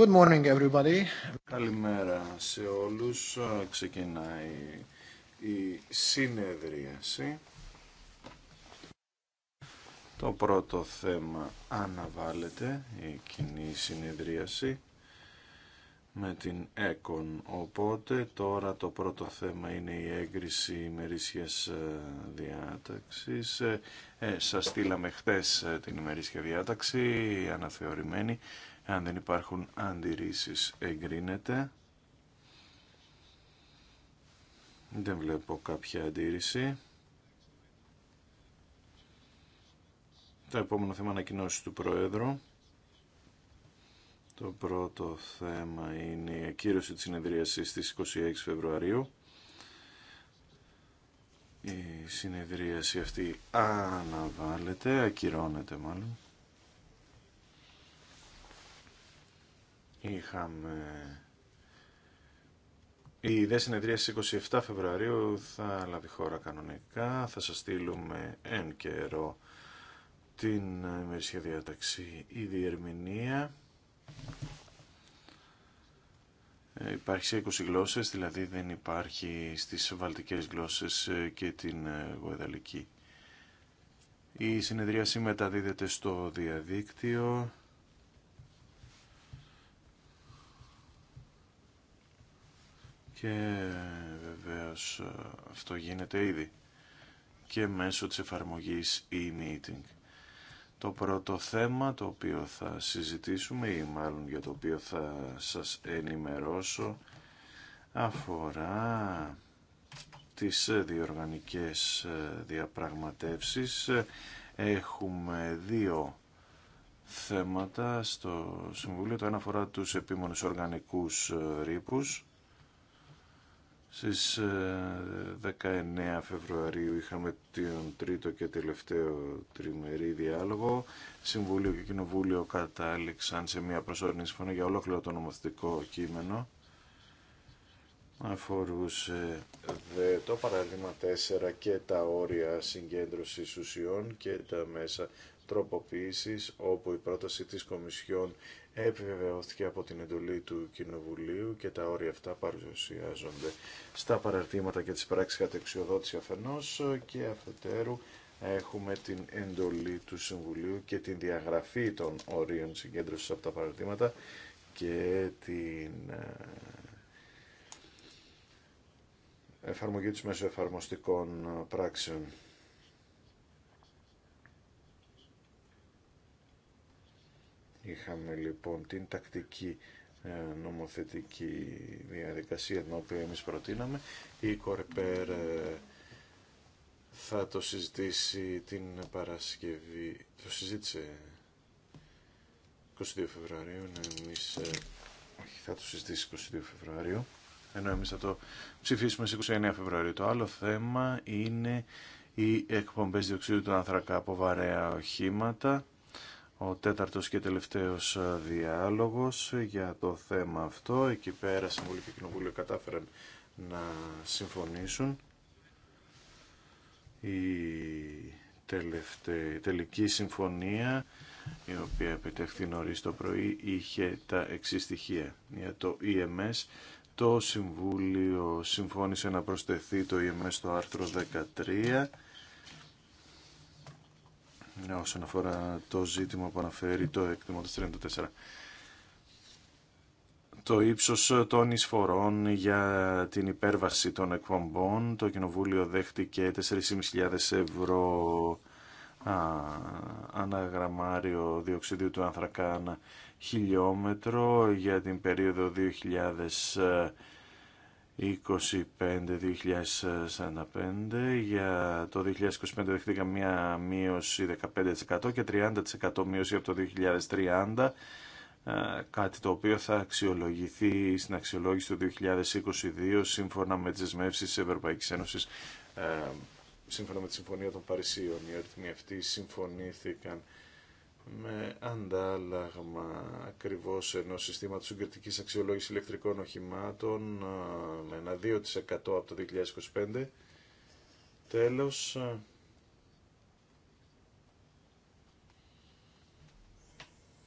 Good morning Καλημέρα σε όλους. Ξεκινάει η συνεδρίαση. Το πρώτο θέμα αναβάλλεται, η κοινή συνεδρίαση με την ΕΚΟΝ. Οπότε τώρα το πρώτο θέμα είναι η έγκριση ημερήσιας ε, διάταξης. Ε, ε, σας στείλαμε χθες ε, την ημερήσια διάταξη, αναθεωρημένη. Αν δεν υπάρχουν αντιρρήσεις εγκρίνεται. Δεν βλέπω κάποια αντίρρηση. Το επόμενο θέμα ανακοινώσει του Προέδρου. Το πρώτο θέμα είναι η ακύρωση της συνεδρίασης στις 26 Φεβρουαρίου. Η συνεδρίαση αυτή αναβάλλεται, ακυρώνεται μάλλον. Είχαμε... Η δε συνεδρία στις 27 Φεβρουαρίου θα λάβει χώρα κανονικά. Θα σας στείλουμε εν καιρό την ημερήσια διάταξη η διερμηνία. Ε, υπάρχει σε 20 γλώσσες, δηλαδή δεν υπάρχει στις βαλτικές γλώσσες ε, και την ε, γοεδαλική. Η συνεδρίαση μεταδίδεται στο διαδίκτυο και βεβαίως ε, αυτό γίνεται ήδη και μέσω της εφαρμογής e-meeting. Το πρώτο θέμα το οποίο θα συζητήσουμε ή μάλλον για το οποίο θα σας ενημερώσω αφορά τις ε, διοργανικές ε, διαπραγματεύσεις. Έχουμε δύο θέματα στο Συμβούλιο. Το ένα αφορά τους επίμονους οργανικούς ρήπους στις 19 ε, Φεβρουαρίου είχαμε τον τρίτο και τελευταίο τριμερή διάλογο. Συμβούλιο και Κοινοβούλιο κατάληξαν σε μια προσωρινή συμφωνία για ολόκληρο το νομοθετικό κείμενο. Αφορούσε δε, το παράδειγμα 4 και τα όρια συγκέντρωσης ουσιών και τα μέσα τροποποίησης, όπου η πρόταση της Κομισιόν επιβεβαιώθηκε από την εντολή του Κοινοβουλίου και τα όρια αυτά παρουσιάζονται στα παραρτήματα και τις πράξεις κατεξιοδότηση αφενός και αφετέρου έχουμε την εντολή του Συμβουλίου και την διαγραφή των ορίων συγκέντρωσης από τα παραρτήματα και την ε, εφαρμογή τους μέσω εφαρμοστικών πράξεων. Είχαμε λοιπόν την τακτική ε, νομοθετική διαδικασία την οποία εμείς προτείναμε. Η Κορεπέρ ε, θα το συζητήσει την Παρασκευή, το συζήτησε 22 Φεβρουαρίου, ενώ εμείς, ε, όχι θα το συζητήσει 22 Φεβρουαρίου, ενώ εμείς θα το ψηφίσουμε στις 29 Φεβρουαρίου. Το άλλο θέμα είναι οι εκπομπές διοξείδου του άνθρακα από βαρέα οχήματα ο τέταρτος και τελευταίος ε, διάλογος για το θέμα αυτό. Εκεί πέρα Συμβουλή και Κοινοβούλιο κατάφεραν να συμφωνήσουν. Η τελική συμφωνία, η οποία επιτευχθεί νωρίς το πρωί, είχε τα εξή στοιχεία. Για το EMS, το Συμβούλιο συμφώνησε να προσθεθεί το EMS στο άρθρο 13 ναι, όσον αφορά το ζήτημα που αναφέρει το εκτιμώ 34. Το ύψος των εισφορών για την υπέρβαση των εκπομπών, το Κοινοβούλιο δέχτηκε 4.500 ευρώ αναγραμμάριο διοξιδίου του άνθρακα χιλιόμετρο για την περίοδο 2000 25-2045. Για το 2025 δεχτήκαμε μία μείωση 15% και 30% μείωση από το 2030 ε, κάτι το οποίο θα αξιολογηθεί στην αξιολόγηση του 2022 σύμφωνα με τις δεσμεύσεις της Ευρωπαϊκής Ένωσης ε, σύμφωνα με τη Συμφωνία των Παρισίων. Οι αριθμοί αυτοί συμφωνήθηκαν με αντάλλαγμα ακριβώς ενός συστήματος συγκριτική αξιολόγησης ηλεκτρικών οχημάτων με ένα 2% από το 2025. Τέλος,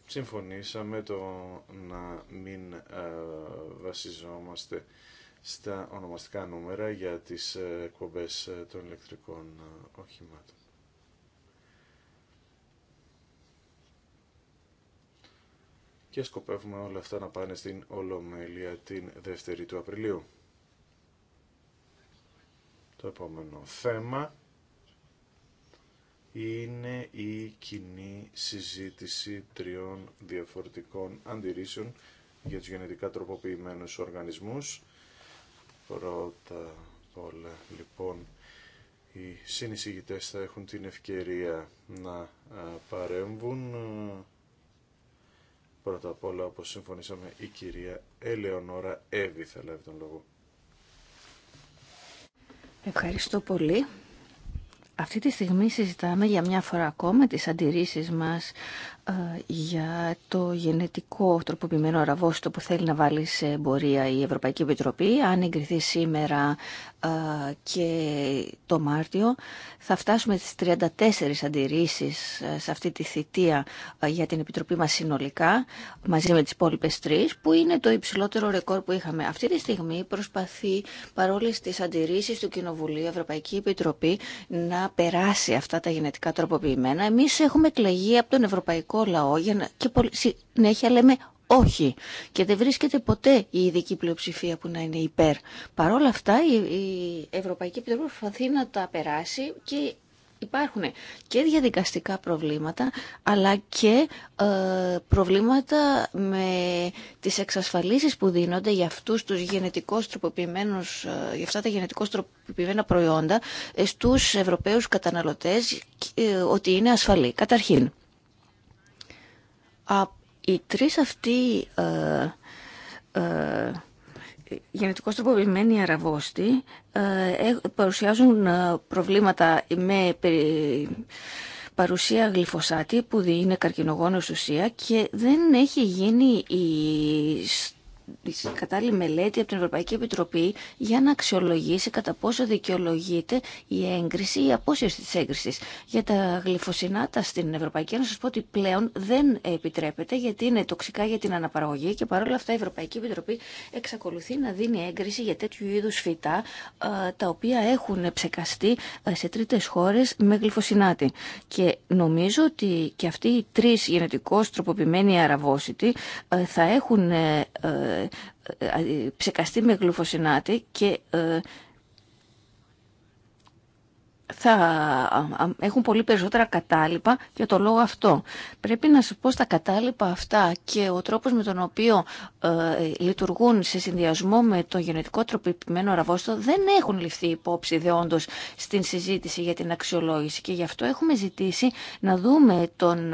συμφωνήσαμε το να μην βασιζόμαστε στα ονομαστικά νούμερα για τις ε, εκπομπές ε, των ηλεκτρικών οχημάτων. και σκοπεύουμε όλα αυτά να πάνε στην Ολομέλεια την 2η του Απριλίου. Το επόμενο θέμα είναι η κοινή συζήτηση τριών διαφορετικών αντιρρήσεων για τους γενετικά τροποποιημένους οργανισμούς. Πρώτα απ' όλα λοιπόν οι συνεισηγητές θα έχουν την ευκαιρία να παρέμβουν Πρώτα απ' όλα, όπως συμφωνήσαμε, η κυρία Ελεονόρα Εύη θα λάβει τον λόγο. Ευχαριστώ πολύ. Αυτή τη στιγμή συζητάμε για μια φορά ακόμα τις αντιρρήσεις μας για το γενετικό τροποποιημένο αραβόστο που θέλει να βάλει σε εμπορία η Ευρωπαϊκή Επιτροπή. Αν εγκριθεί σήμερα και το Μάρτιο, θα φτάσουμε στις 34 αντιρρήσεις σε αυτή τη θητεία για την Επιτροπή μας συνολικά, μαζί με τις υπόλοιπε τρει, που είναι το υψηλότερο ρεκόρ που είχαμε. Αυτή τη στιγμή προσπαθεί, παρόλε τις αντιρρήσεις του Κοινοβουλίου, η Ευρωπαϊκή Επιτροπή να περάσει αυτά τα γενετικά τροποποιημένα. Εμείς έχουμε εκλεγεί από τον Ευρωπαϊκό ελληνικό και συνέχεια λέμε όχι. Και δεν βρίσκεται ποτέ η ειδική πλειοψηφία που να είναι υπέρ. Παρ' αυτά η Ευρωπαϊκή Επιτροπή προσπαθεί να τα περάσει και υπάρχουν και διαδικαστικά προβλήματα αλλά και ε, προβλήματα με τις εξασφαλίσεις που δίνονται για αυτούς τους γενετικώς ε, για αυτά τα γενετικώς τροποποιημένα προϊόντα ε, στους Ευρωπαίους καταναλωτές ε, ότι είναι ασφαλή. Καταρχήν, οι τρει αυτοί ε, ε, γενετικώς τροποποιημένοι αραβόστοι ε, ε, παρουσιάζουν ε, προβλήματα με παρουσία γλυφοσάτη που είναι καρκινογόνο ουσία και δεν έχει γίνει η κατάλληλη μελέτη από την Ευρωπαϊκή Επιτροπή για να αξιολογήσει κατά πόσο δικαιολογείται η έγκριση ή η απόσυρση τη έγκριση. Για τα γλυφοσυνάτα στην Ευρωπαϊκή Ένωση, σα πω ότι πλέον δεν επιτρέπεται γιατί είναι τοξικά για την αναπαραγωγή και παρόλα αυτά η Ευρωπαϊκή Επιτροπή εξακολουθεί να δίνει έγκριση για τέτοιου είδου φυτά τα οποία έχουν ψεκαστεί ε, σε τρίτε χώρε με γλυφοσυνάτη. Και νομίζω ότι και αυτοί οι τρει γενετικώ τροποποιημένοι αραβόσιτοι ε, θα έχουν ε, ε, ε, ε, ψεκαστεί με γλουφοσυνάτη και θα έχουν πολύ περισσότερα κατάλοιπα για το λόγο αυτό. Πρέπει να σου πω στα κατάλοιπα αυτά και ο τρόπος με τον οποίο λειτουργούν σε συνδυασμό με το γενετικό τροποποιημένο ραβόστο δεν έχουν ληφθεί υπόψη δεόντως στην συζήτηση για την αξιολόγηση και γι' αυτό έχουμε ζητήσει να δούμε τον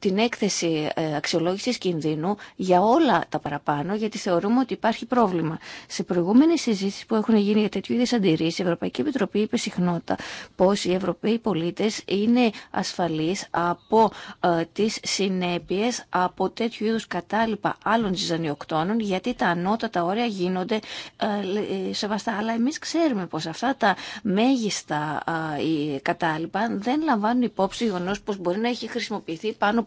την έκθεση ε, αξιολόγησης κινδύνου για όλα τα παραπάνω, γιατί θεωρούμε ότι υπάρχει πρόβλημα. Σε προηγούμενε συζήτησεις που έχουν γίνει για τέτοιου είδου αντιρρήσεις, η Ευρωπαϊκή Επιτροπή είπε συχνότητα πω οι Ευρωπαίοι πολίτε είναι ασφαλεί από ε, τις συνέπειες από τέτοιου είδου κατάλοιπα άλλων ζυζανιοκτώνων, γιατί τα ανώτατα όρια γίνονται ε, ε σεβαστά. Αλλά εμεί ξέρουμε πω αυτά τα μέγιστα ε, κατάλοιπα δεν λαμβάνουν υπόψη γεγονό πω μπορεί να έχει χρησιμοποιηθεί πάνω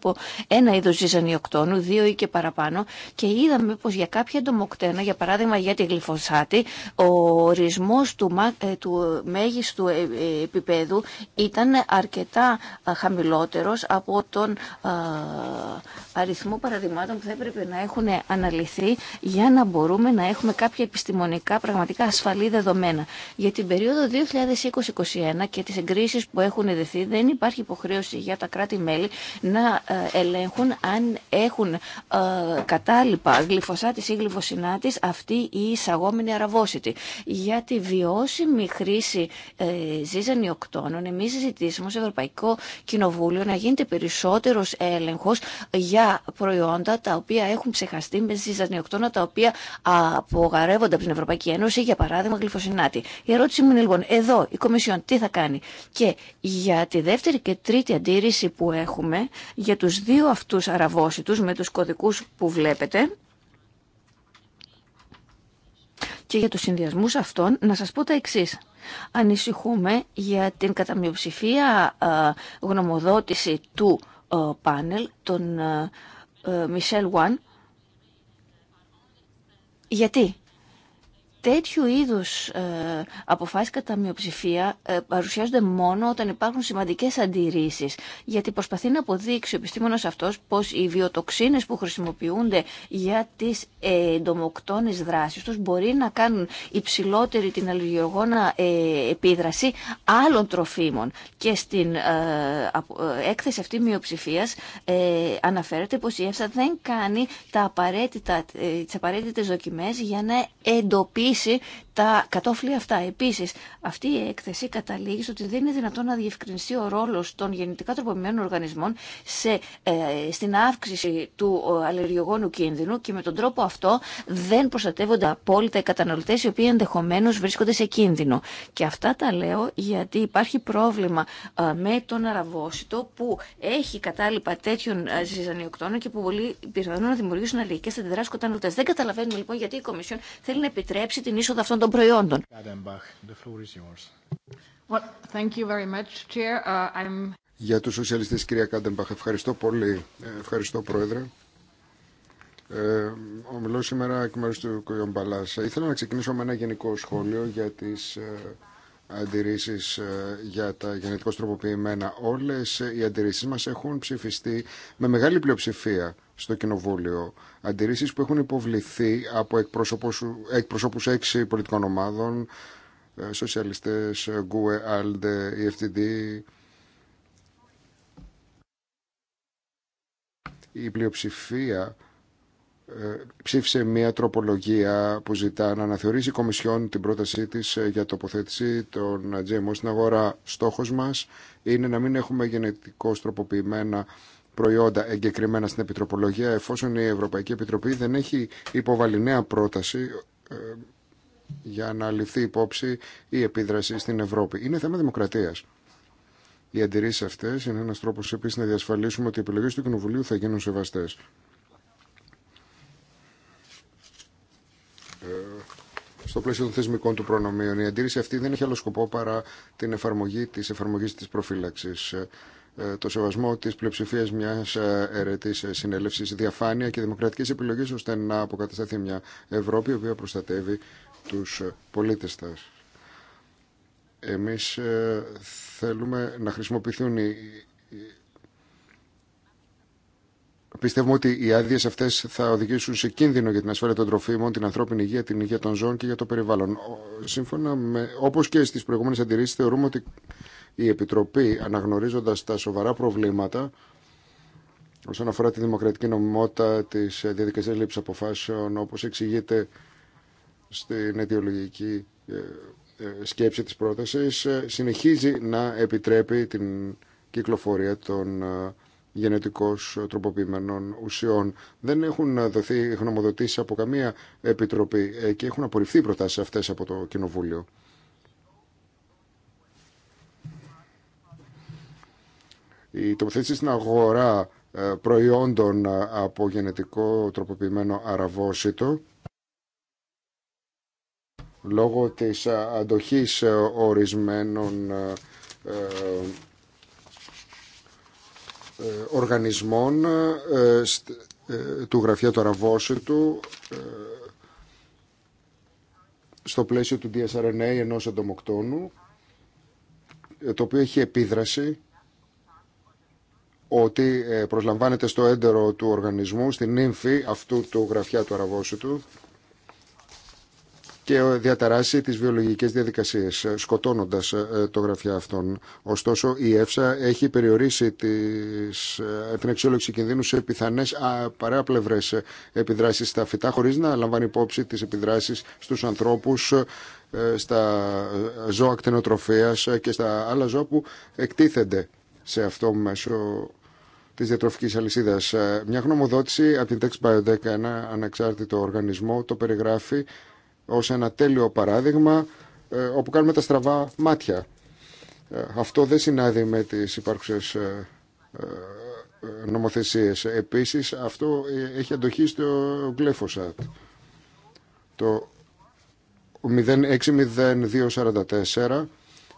ένα είδο ζυζανιοκτώνου, δύο ή και παραπάνω, και είδαμε πω για κάποια εντομοκτένα, για παράδειγμα για τη γλυφοσάτη, ο ορισμό του, ε, του μέγιστου ε, ε, επίπεδου ήταν αρκετά χαμηλότερο από τον αριθμό παραδειγμάτων που θα έπρεπε να έχουν αναλυθεί για να μπορούμε να έχουμε κάποια επιστημονικά πραγματικά ασφαλή δεδομένα. Για την περίοδο 2020-2021 και τις εγκρίσεις που έχουν δεθεί δεν υπάρχει υποχρέωση για τα κράτη-μέλη να ε, ελέγχουν αν έχουν ε, κατάλοιπα γλυφοσάτης ή γλυφοσινάτης αυτή η εισαγόμενη αραβόσιτη. Για τη βιώσιμη χρήση ε, ζύζανιοκτώνων εμείς ζητήσαμε ως Ευρωπαϊκό Κοινοβούλιο να γίνεται περισσότερος έλεγχος για προϊόντα τα οποία έχουν ψεχαστεί με ζυζανιοκτώνα τα οποία απογαρεύονται από την Ευρωπαϊκή Ένωση, για παράδειγμα γλυφοσινάτη. Η ερώτηση μου είναι λοιπόν εδώ η Κομισιόν τι θα κάνει και για τη δεύτερη και τρίτη αντίρρηση που έχουμε για τους δύο αυτούς αραβόσιτους με τους κωδικούς που βλέπετε και για τους συνδυασμούς αυτών να σας πω τα εξής. Ανησυχούμε για την καταμειοψηφία ε, γνωμοδότηση του ε, πάνελ, τον Μισελ ε, Γιατί? τέτοιου είδους ε, αποφάσεις κατά μειοψηφία ε, παρουσιάζονται μόνο όταν υπάρχουν σημαντικές αντιρρήσεις. Γιατί προσπαθεί να αποδείξει ο επιστήμονας αυτός πως οι βιοτοξίνες που χρησιμοποιούνται για τις ε, δράσεις τους μπορεί να κάνουν υψηλότερη την αλληλογόνα ε, επίδραση άλλων τροφίμων. Και στην ε, έκθεση αυτή μειοψηφίας αναφέρεται πως η ΕΦΣΑ δεν κάνει τα απαραίτητα, τις απαραίτητες για να εντοπίσει τα κατόφλια αυτά. Επίσης, αυτή η έκθεση καταλήγει ότι δεν είναι δυνατόν να διευκρινιστεί ο ρόλο των γεννητικά τροποποιημένων οργανισμών σε, ε, στην αύξηση του ε, αλλεργιογόνου κίνδυνου και με τον τρόπο αυτό δεν προστατεύονται απόλυτα οι καταναλωτέ οι οποίοι ενδεχομένω βρίσκονται σε κίνδυνο. Και αυτά τα λέω γιατί υπάρχει πρόβλημα ε, με τον αραβόσιτο που έχει κατάλοιπα τέτοιων ζυζανιοκτώνων και που πολύ πιθανόν να δημιουργήσουν αλληλικέ αντιδράσει καταναλωτέ. Δεν καταλαβαίνουμε λοιπόν γιατί η Κομισιόν θέλει να επιτρέψει την είσοδο αυτών των προϊόντων. Uh, για τους σοσιαλιστές, κυρία Κάντεμπαχ, ευχαριστώ πολύ. Ε, ευχαριστώ, Πρόεδρε. Ε, ομιλώ σήμερα εκ μέρους του κ. Μπαλάς. Ήθελα να ξεκινήσω με ένα γενικό σχόλιο για τις... Ε, αντιρρήσει ε, για τα γενετικώ τροποποιημένα. Όλε οι αντιρρήσει μα έχουν ψηφιστεί με μεγάλη πλειοψηφία στο Κοινοβούλιο. Αντιρρήσει που έχουν υποβληθεί από εκπροσώπου έξι πολιτικών ομάδων, ε, σοσιαλιστέ, ε, Γκουε, Άλντε, EFTD. Η πλειοψηφία ε, ψήφισε μια τροπολογία που ζητά να αναθεωρήσει η Κομισιόν την πρότασή της ε, για τοποθέτηση των GMO στην αγορά. Στόχος μας είναι να μην έχουμε γενετικώ τροποποιημένα προϊόντα εγκεκριμένα στην Επιτροπολογία εφόσον η Ευρωπαϊκή Επιτροπή δεν έχει υποβάλει νέα πρόταση ε, για να ληφθεί υπόψη η επίδραση στην Ευρώπη. Είναι θέμα δημοκρατίας. Οι αντιρρήσει αυτέ είναι ένα τρόπο επίση να διασφαλίσουμε ότι οι επιλογέ του Κοινοβουλίου θα γίνουν σεβαστέ. Ε, στο πλαίσιο των θεσμικών του προνομίων. Η αντίρρηση αυτή δεν έχει άλλο σκοπό παρά την εφαρμογή της εφαρμογής της προφύλαξης ε, ε, το σεβασμό τη πλειοψηφία μια αιρετή συνέλευση, διαφάνεια και δημοκρατικέ επιλογέ ώστε να αποκατασταθεί μια Ευρώπη η οποία προστατεύει του πολίτε τη. Εμεί θέλουμε να χρησιμοποιηθούν οι Πιστεύουμε ότι οι άδειε αυτέ θα οδηγήσουν σε κίνδυνο για την ασφάλεια των τροφίμων, την ανθρώπινη υγεία, την υγεία των ζώων και για το περιβάλλον. Σύμφωνα με, όπω και στι προηγούμενε αντιρρήσει, θεωρούμε ότι η Επιτροπή, αναγνωρίζοντα τα σοβαρά προβλήματα όσον αφορά τη δημοκρατική νομιμότητα τη διαδικασία λήψη αποφάσεων, όπω εξηγείται στην αιτιολογική ε, ε, σκέψη της πρότασης συνεχίζει να επιτρέπει την κυκλοφορία των ε, γενετικώς τροποποιημένων ουσιών. Δεν έχουν δοθεί γνωμοδοτήσει από καμία επιτροπή ε, και έχουν απορριφθεί οι προτάσεις αυτές από το Κοινοβούλιο. Η τοποθέτηση στην αγορά ε, προϊόντων ε, από γενετικό τροποποιημένο αραβόσιτο λόγω της αντοχής ορισμένων ε, οργανισμών ε, ε, του γραφιά του Αραβόσιτου στο πλαίσιο του DSRNA ενός εντομοκτώνου το οποίο έχει επίδραση ότι προσλαμβάνεται στο έντερο του οργανισμού, στην ύμφη αυτού του γραφιά του αραβόσιτου και διαταράσει τις βιολογικές διαδικασίες, σκοτώνοντας ε, το γραφιά αυτών. Ωστόσο, η ΕΦΣΑ έχει περιορίσει τις, ε, την αξιόλογηση κινδύνου σε πιθανές παράπλευρες ε, επιδράσεις στα φυτά, χωρίς να λαμβάνει υπόψη τις επιδράσεις στους ανθρώπους, στα ζώα κτηνοτροφίας και στα άλλα ζώα που εκτίθενται σε αυτό μέσω της διατροφικής αλυσίδας. Μια γνωμοδότηση από την Tex 10 ένα ανεξάρτητο οργανισμό, το περιγράφει ως ένα τέλειο παράδειγμα ε, όπου κάνουμε τα στραβά μάτια. Ε, αυτό δεν συνάδει με τις υπάρχουσες ε, νομοθεσίες. Επίσης αυτό έχει αντοχή στο γκλέφοσατ. Το 060244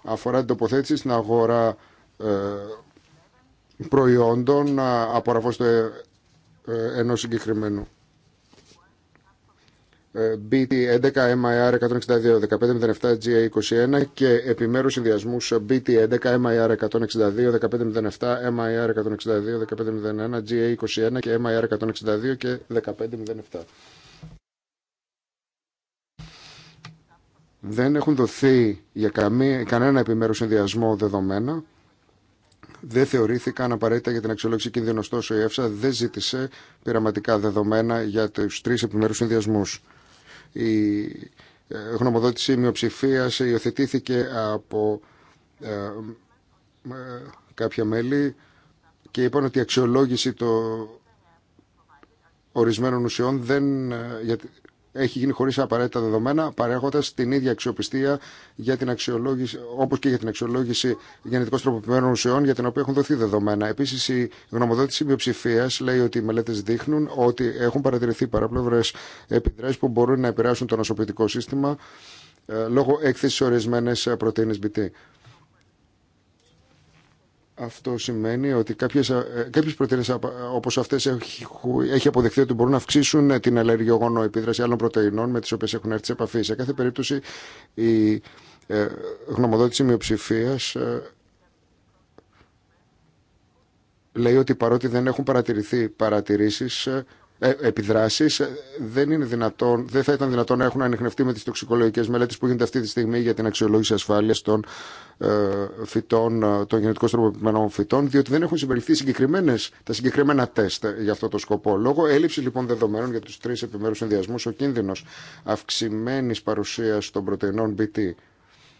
αφορά την τοποθέτηση στην αγορά προϊόντων από ε, ενός συγκεκριμένου ε, BT11MIR e 162-1507-GA21 και επιμέρους συνδυασμούς BT11MIR 162-1507-MIR 162-1501-GA21 και MIR 162 και 1507. Δεν έχουν δοθεί για κανένα επιμέρους συνδυασμό δεδομένα. Δεν θεωρήθηκαν απαραίτητα για την αξιολόγηση κίνδυνο, ωστόσο η ΕΦΣΑ δεν ζήτησε πειραματικά δεδομένα για τους τρει επιμέρους συνδυασμού. Η ε, γνωμοδότηση μειοψηφία υιοθετήθηκε από ε, ε, κάποια μέλη και είπαν ότι η αξιολόγηση των ορισμένων ουσιών δεν, έχει γίνει χωρί απαραίτητα δεδομένα, παρέχοντα την ίδια αξιοπιστία για την αξιολόγηση, όπω και για την αξιολόγηση γενετικώ τροποποιημένων ουσιών, για την οποία έχουν δοθεί δεδομένα. Επίση, η γνωμοδότηση μειοψηφία λέει ότι οι μελέτε δείχνουν ότι έχουν παρατηρηθεί παραπλευρέ επιδράσει που μπορούν να επηρεάσουν το νοσοποιητικό σύστημα ε, λόγω έκθεση ορισμένε ε, πρωτενε BT. Αυτό σημαίνει ότι κάποιες, ε, κάποιες πρωτεΐνες όπως αυτές έχει αποδεχθεί ότι μπορούν να αυξήσουν την αλλεργιογόνο επίδραση άλλων πρωτεϊνών με τις οποίες έχουν έρθει σε επαφή. Σε κάθε περίπτωση η ε, γνωμοδότηση μειοψηφία ε, λέει ότι παρότι δεν έχουν παρατηρηθεί παρατηρήσεις ε, επιδράσεις ε, δεν, είναι δυνατόν, δεν θα ήταν δυνατόν να έχουν ανεχνευτεί με τις τοξικολογικές μελέτες που γίνονται αυτή τη στιγμή για την αξιολόγηση ασφάλειας των ε, φυτών, των γενετικών τροποποιημένων φυτών, διότι δεν έχουν συμπεριληφθεί συγκεκριμένες, τα συγκεκριμένα τεστ για αυτό το σκοπό. Λόγω έλλειψη λοιπόν δεδομένων για τους τρεις επιμέρους συνδυασμού, ο κίνδυνος αυξημένη παρουσίας των πρωτεϊνών BT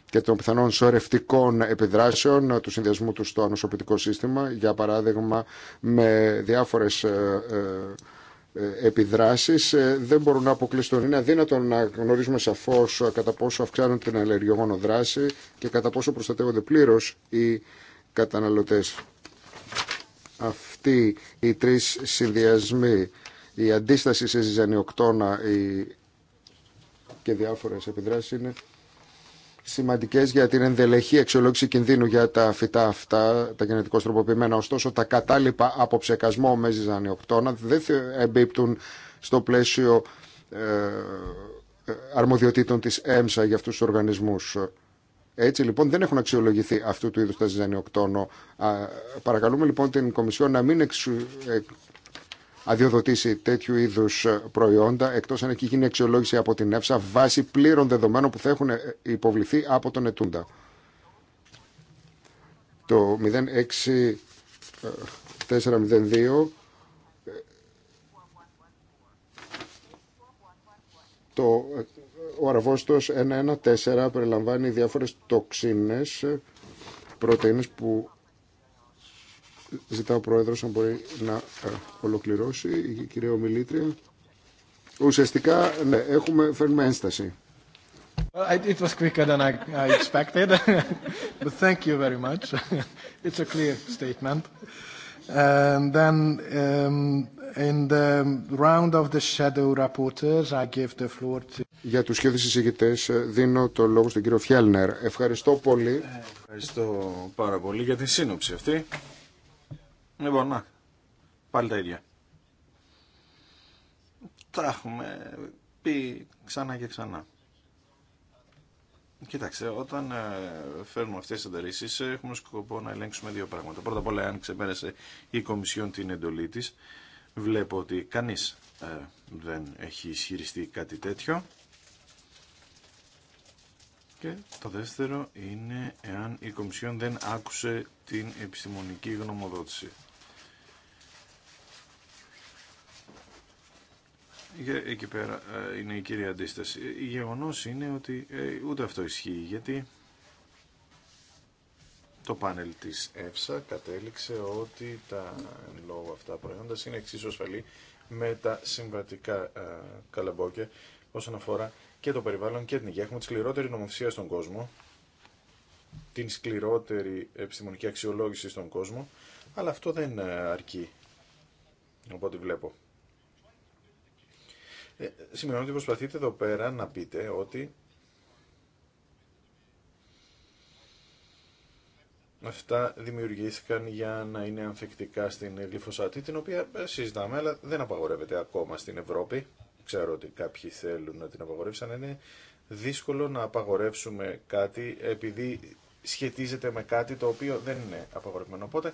και των πιθανών σωρευτικών επιδράσεων του συνδυασμού του στο ανοσοποιητικό σύστημα, για παράδειγμα με διάφορες ε, επιδράσεις ε, δεν μπορούν να αποκλειστούν. Είναι αδύνατο να γνωρίζουμε σαφώς ε, κατά πόσο αυξάνουν την αλλεργιογόνο δράση και κατά πόσο προστατεύονται πλήρως οι καταναλωτές. Αυτοί οι τρεις συνδυασμοί, η αντίσταση σε ζυζανιοκτώνα η... και διάφορες επιδράσεις είναι Σημαντικέ για την ενδελεχή αξιολόγηση κινδύνου για τα φυτά αυτά, τα γενετικώ τροποποιημένα. Ωστόσο, τα κατάλοιπα από ψεκασμό με ζυζανιοκτώνα δεν εμπίπτουν στο πλαίσιο ε, ε, αρμοδιοτήτων της ΕΜΣΑ για αυτούς τους οργανισμούς. Έτσι λοιπόν δεν έχουν αξιολογηθεί αυτού του είδους τα ζυζανιοκτώνα. Παρακαλούμε λοιπόν την Κομισιόν να μην εξου... Ε, αδειοδοτήσει τέτοιου είδου ε, προϊόντα, εκτό αν εκεί γίνει αξιολόγηση από την ΕΦΣΑ βάσει πλήρων δεδομένων που θα έχουν ε, υποβληθεί από τον Ετούντα. Το 06402 ε, το, ο αραβόστος 114 περιλαμβάνει διάφορες τοξίνες πρωτεΐνες που Ζητά ο Πρόεδρος αν μπορεί να ε, ολοκληρώσει η κυρία Ομιλήτρια. Ουσιαστικά ναι, έχουμε, φέρνουμε ένσταση. It was quicker than I expected, but thank you very much. It's a clear statement. And then um, in the round of the shadow rapporteurs, I give the floor to... Για τους σχέδιους συζητητές ε, δίνω το λόγο στον κύριο Φιέλνερ. Ευχαριστώ πολύ. Ε, ευχαριστώ πάρα πολύ για τη σύνοψη αυτή. Λοιπόν, να, πάλι τα ίδια. Τα έχουμε πει ξανά και ξανά. Κοιτάξτε, όταν ε, φέρνουμε αυτές τις ανταρρήσεις ε, έχουμε σκοπό να ελέγξουμε δύο πράγματα. Πρώτα απ' όλα, αν ξεπέρασε η Κομισιόν την εντολή της, βλέπω ότι κανείς ε, δεν έχει ισχυριστεί κάτι τέτοιο. Και το δεύτερο είναι εάν η Κομισιόν δεν άκουσε την επιστημονική γνωμοδότηση. εκεί πέρα ε, είναι η κύρια αντίσταση. Η γεγονός είναι ότι ε, ούτε αυτό ισχύει γιατί το πάνελ της ΕΦΣΑ κατέληξε ότι τα λόγω αυτά προϊόντα είναι εξίσου ασφαλή με τα συμβατικά ε, καλαμπόκια όσον αφορά και το περιβάλλον και την υγεία. Έχουμε τη σκληρότερη νομοθεσία στον κόσμο, την σκληρότερη επιστημονική αξιολόγηση στον κόσμο, αλλά αυτό δεν αρκεί, Οπότε βλέπω. Ε, σημειώνω ότι προσπαθείτε εδώ πέρα να πείτε ότι αυτά δημιουργήθηκαν για να είναι ανθεκτικά στην γλυφοσάτη, την οποία ε, συζητάμε, αλλά δεν απαγορεύεται ακόμα στην Ευρώπη. Ξέρω ότι κάποιοι θέλουν να την απαγορεύσουν, είναι δύσκολο να απαγορεύσουμε κάτι επειδή σχετίζεται με κάτι το οποίο δεν είναι απαγορευμένο. Οπότε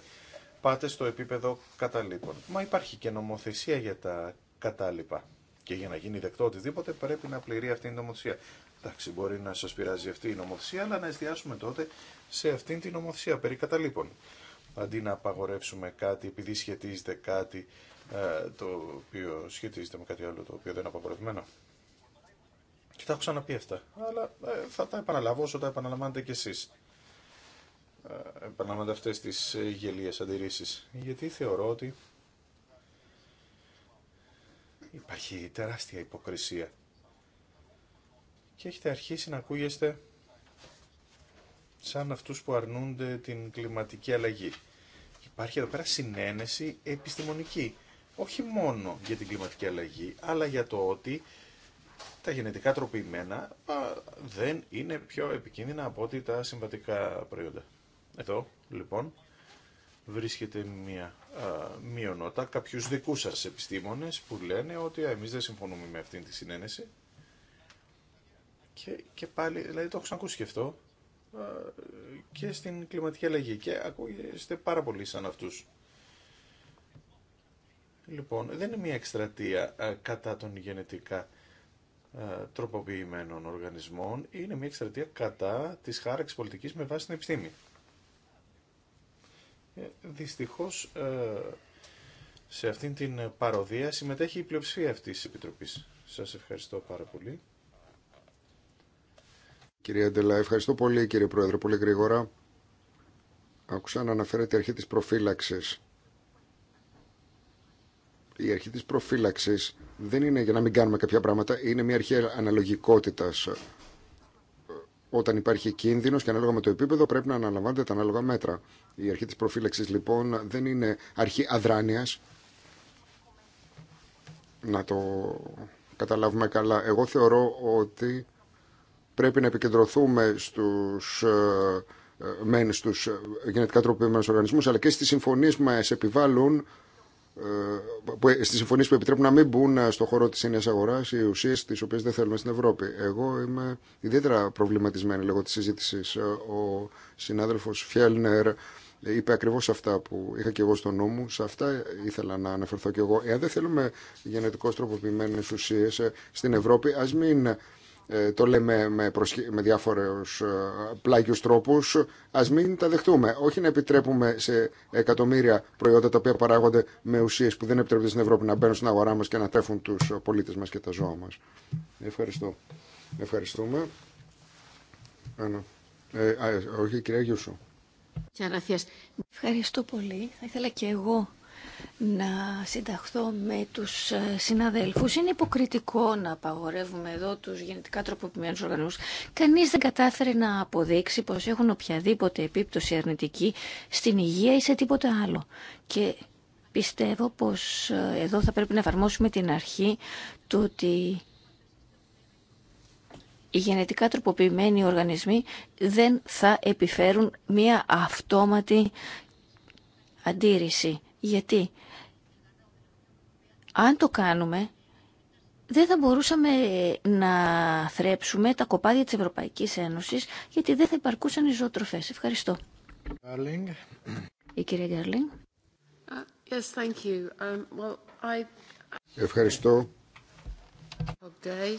πάτε στο επίπεδο καταλήπων. Μα υπάρχει και νομοθεσία για τα κατάλοιπα. Και για να γίνει δεκτό οτιδήποτε πρέπει να πληρεί αυτή η νομοθεσία. Εντάξει, μπορεί να σα πειράζει αυτή η νομοθεσία, αλλά να εστιάσουμε τότε σε αυτήν την νομοθεσία περί καταλήπων. Αντί να απαγορεύσουμε κάτι επειδή σχετίζεται κάτι ε, το οποίο σχετίζεται με κάτι άλλο το οποίο δεν είναι απαγορευμένο. Και τα έχω ξαναπεί αυτά. Αλλά ε, θα τα επαναλάβω όσο τα επαναλαμβάνετε κι εσεί. Ε, επαναλαμβάνετε αυτέ τι ε, γελίε αντιρρήσει. Γιατί θεωρώ ότι υπάρχει τεράστια υποκρισία. Και έχετε αρχίσει να ακούγεστε σαν αυτούς που αρνούνται την κλιματική αλλαγή. Υπάρχει εδώ πέρα συνένεση επιστημονική, όχι μόνο για την κλιματική αλλαγή, αλλά για το ότι τα γενετικά τροποποιημένα δεν είναι πιο επικίνδυνα από ότι τα συμβατικά προϊόντα. Εδώ, λοιπόν, βρίσκεται μια ε, μειονότα, κάποιους δικούς σας επιστήμονες που λένε ότι εμείς δεν συμφωνούμε με αυτήν τη συνένεση. Και, και πάλι, δηλαδή το έχω ξανακούσει και αυτό, ε, και στην κλιματική αλλαγή και ακούγεστε πάρα πολύ σαν αυτούς. Λοιπόν, δεν είναι μια εκστρατεία ε, κατά των γενετικά τροποποιημένων οργανισμών, είναι μια εκστρατεία κατά της χάραξης πολιτικής με βάση την επιστήμη. Ε, δυστυχώς ε, σε αυτήν την παροδία συμμετέχει η πλειοψηφία αυτής της Επιτροπής. Σας ευχαριστώ πάρα πολύ. Κύριε Αντελά, ευχαριστώ πολύ κύριε Πρόεδρε, πολύ γρήγορα. Άκουσα να αναφέρεται αρχή της προφύλαξης. Η αρχή της προφύλαξης δεν είναι για να μην κάνουμε κάποια πράγματα, είναι μια αρχή αναλογικότητας όταν υπάρχει κίνδυνο και ανάλογα με το επίπεδο πρέπει να αναλαμβάνετε τα ανάλογα μέτρα. Η αρχή τη προφύλαξη λοιπόν δεν είναι αρχή αδράνεια. Να το καταλάβουμε καλά. Εγώ θεωρώ ότι πρέπει να επικεντρωθούμε στους ε, ε, μεν στους ε, γενετικά τροποποιημένους οργανισμούς αλλά και στις συμφωνίες που μας επιβάλλουν ε, ε, στι συμφωνίε που επιτρέπουν να μην μπουν ε, στον χώρο τη ενιαία αγορά οι ουσίε τι οποίε δεν θέλουμε στην Ευρώπη. Εγώ είμαι ιδιαίτερα προβληματισμένη λόγω τη συζήτηση. Ο συνάδελφο Φιέλνερ είπε ακριβώ αυτά που είχα και εγώ στο νου μου. Σε αυτά ήθελα να αναφερθώ και εγώ. Εάν δεν θέλουμε γενετικώ τροποποιημένε ουσίε στην Ευρώπη, α μην ε, το λέμε με, προσχε... με διάφορους ε, πλάγιους τρόπους, ας μην τα δεχτούμε. Όχι να επιτρέπουμε σε εκατομμύρια προϊόντα τα οποία παράγονται με ουσίες που δεν επιτρέπεται στην Ευρώπη να μπαίνουν στην αγορά μας και να τρέφουν τους πολίτες μας και τα ζώα μας. Ευχαριστώ. Ευχαριστούμε. Ε, α, όχι, κυρία Γιούσου. Ευχαριστώ πολύ. Θα ήθελα και εγώ να συνταχθώ με τους ε, συναδέλφους. Είναι υποκριτικό να απαγορεύουμε εδώ τους γενετικά τροποποιημένους οργανισμούς. Κανείς δεν κατάφερε να αποδείξει πως έχουν οποιαδήποτε επίπτωση αρνητική στην υγεία ή σε τίποτα άλλο. Και πιστεύω πως ε, εδώ θα πρέπει να εφαρμόσουμε την αρχή του ότι οι γενετικά τροποποιημένοι οργανισμοί δεν θα επιφέρουν μία αυτόματη αντίρρηση. Γιατί αν το κάνουμε, δεν θα μπορούσαμε να θρέψουμε τα κοπάδια της Ευρωπαϊκής Ένωσης, γιατί δεν θα υπαρκούσαν οι ζωοτροφές. Ευχαριστώ. Darling. κυρία uh, yes, thank you. Um, well, I... Ευχαριστώ. Okay.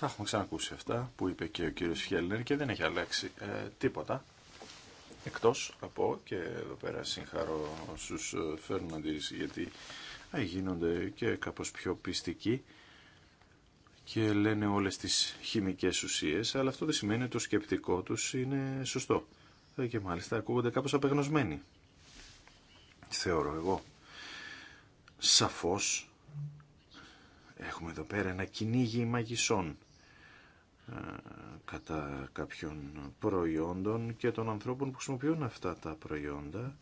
έχουμε ξανακούσει αυτά που είπε και ο κύριος Φιέλνερ και δεν έχει αλλάξει ε, τίποτα. Εκτός από, και εδώ πέρα συγχαρώ όσους ε, φέρνουν αντίρρηση γιατί γίνονται και κάπως πιο πιστικοί και λένε όλες τις χημικές ουσίες, αλλά αυτό δεν σημαίνει ότι το σκεπτικό τους είναι σωστό. Ε, και μάλιστα ακούγονται κάπως απεγνωσμένοι. Θεωρώ εγώ. Σαφώς έχουμε εδώ πέρα ένα κυνήγι μαγισσών κατά κάποιων προϊόντων και των ανθρώπων που χρησιμοποιούν αυτά τα προϊόντα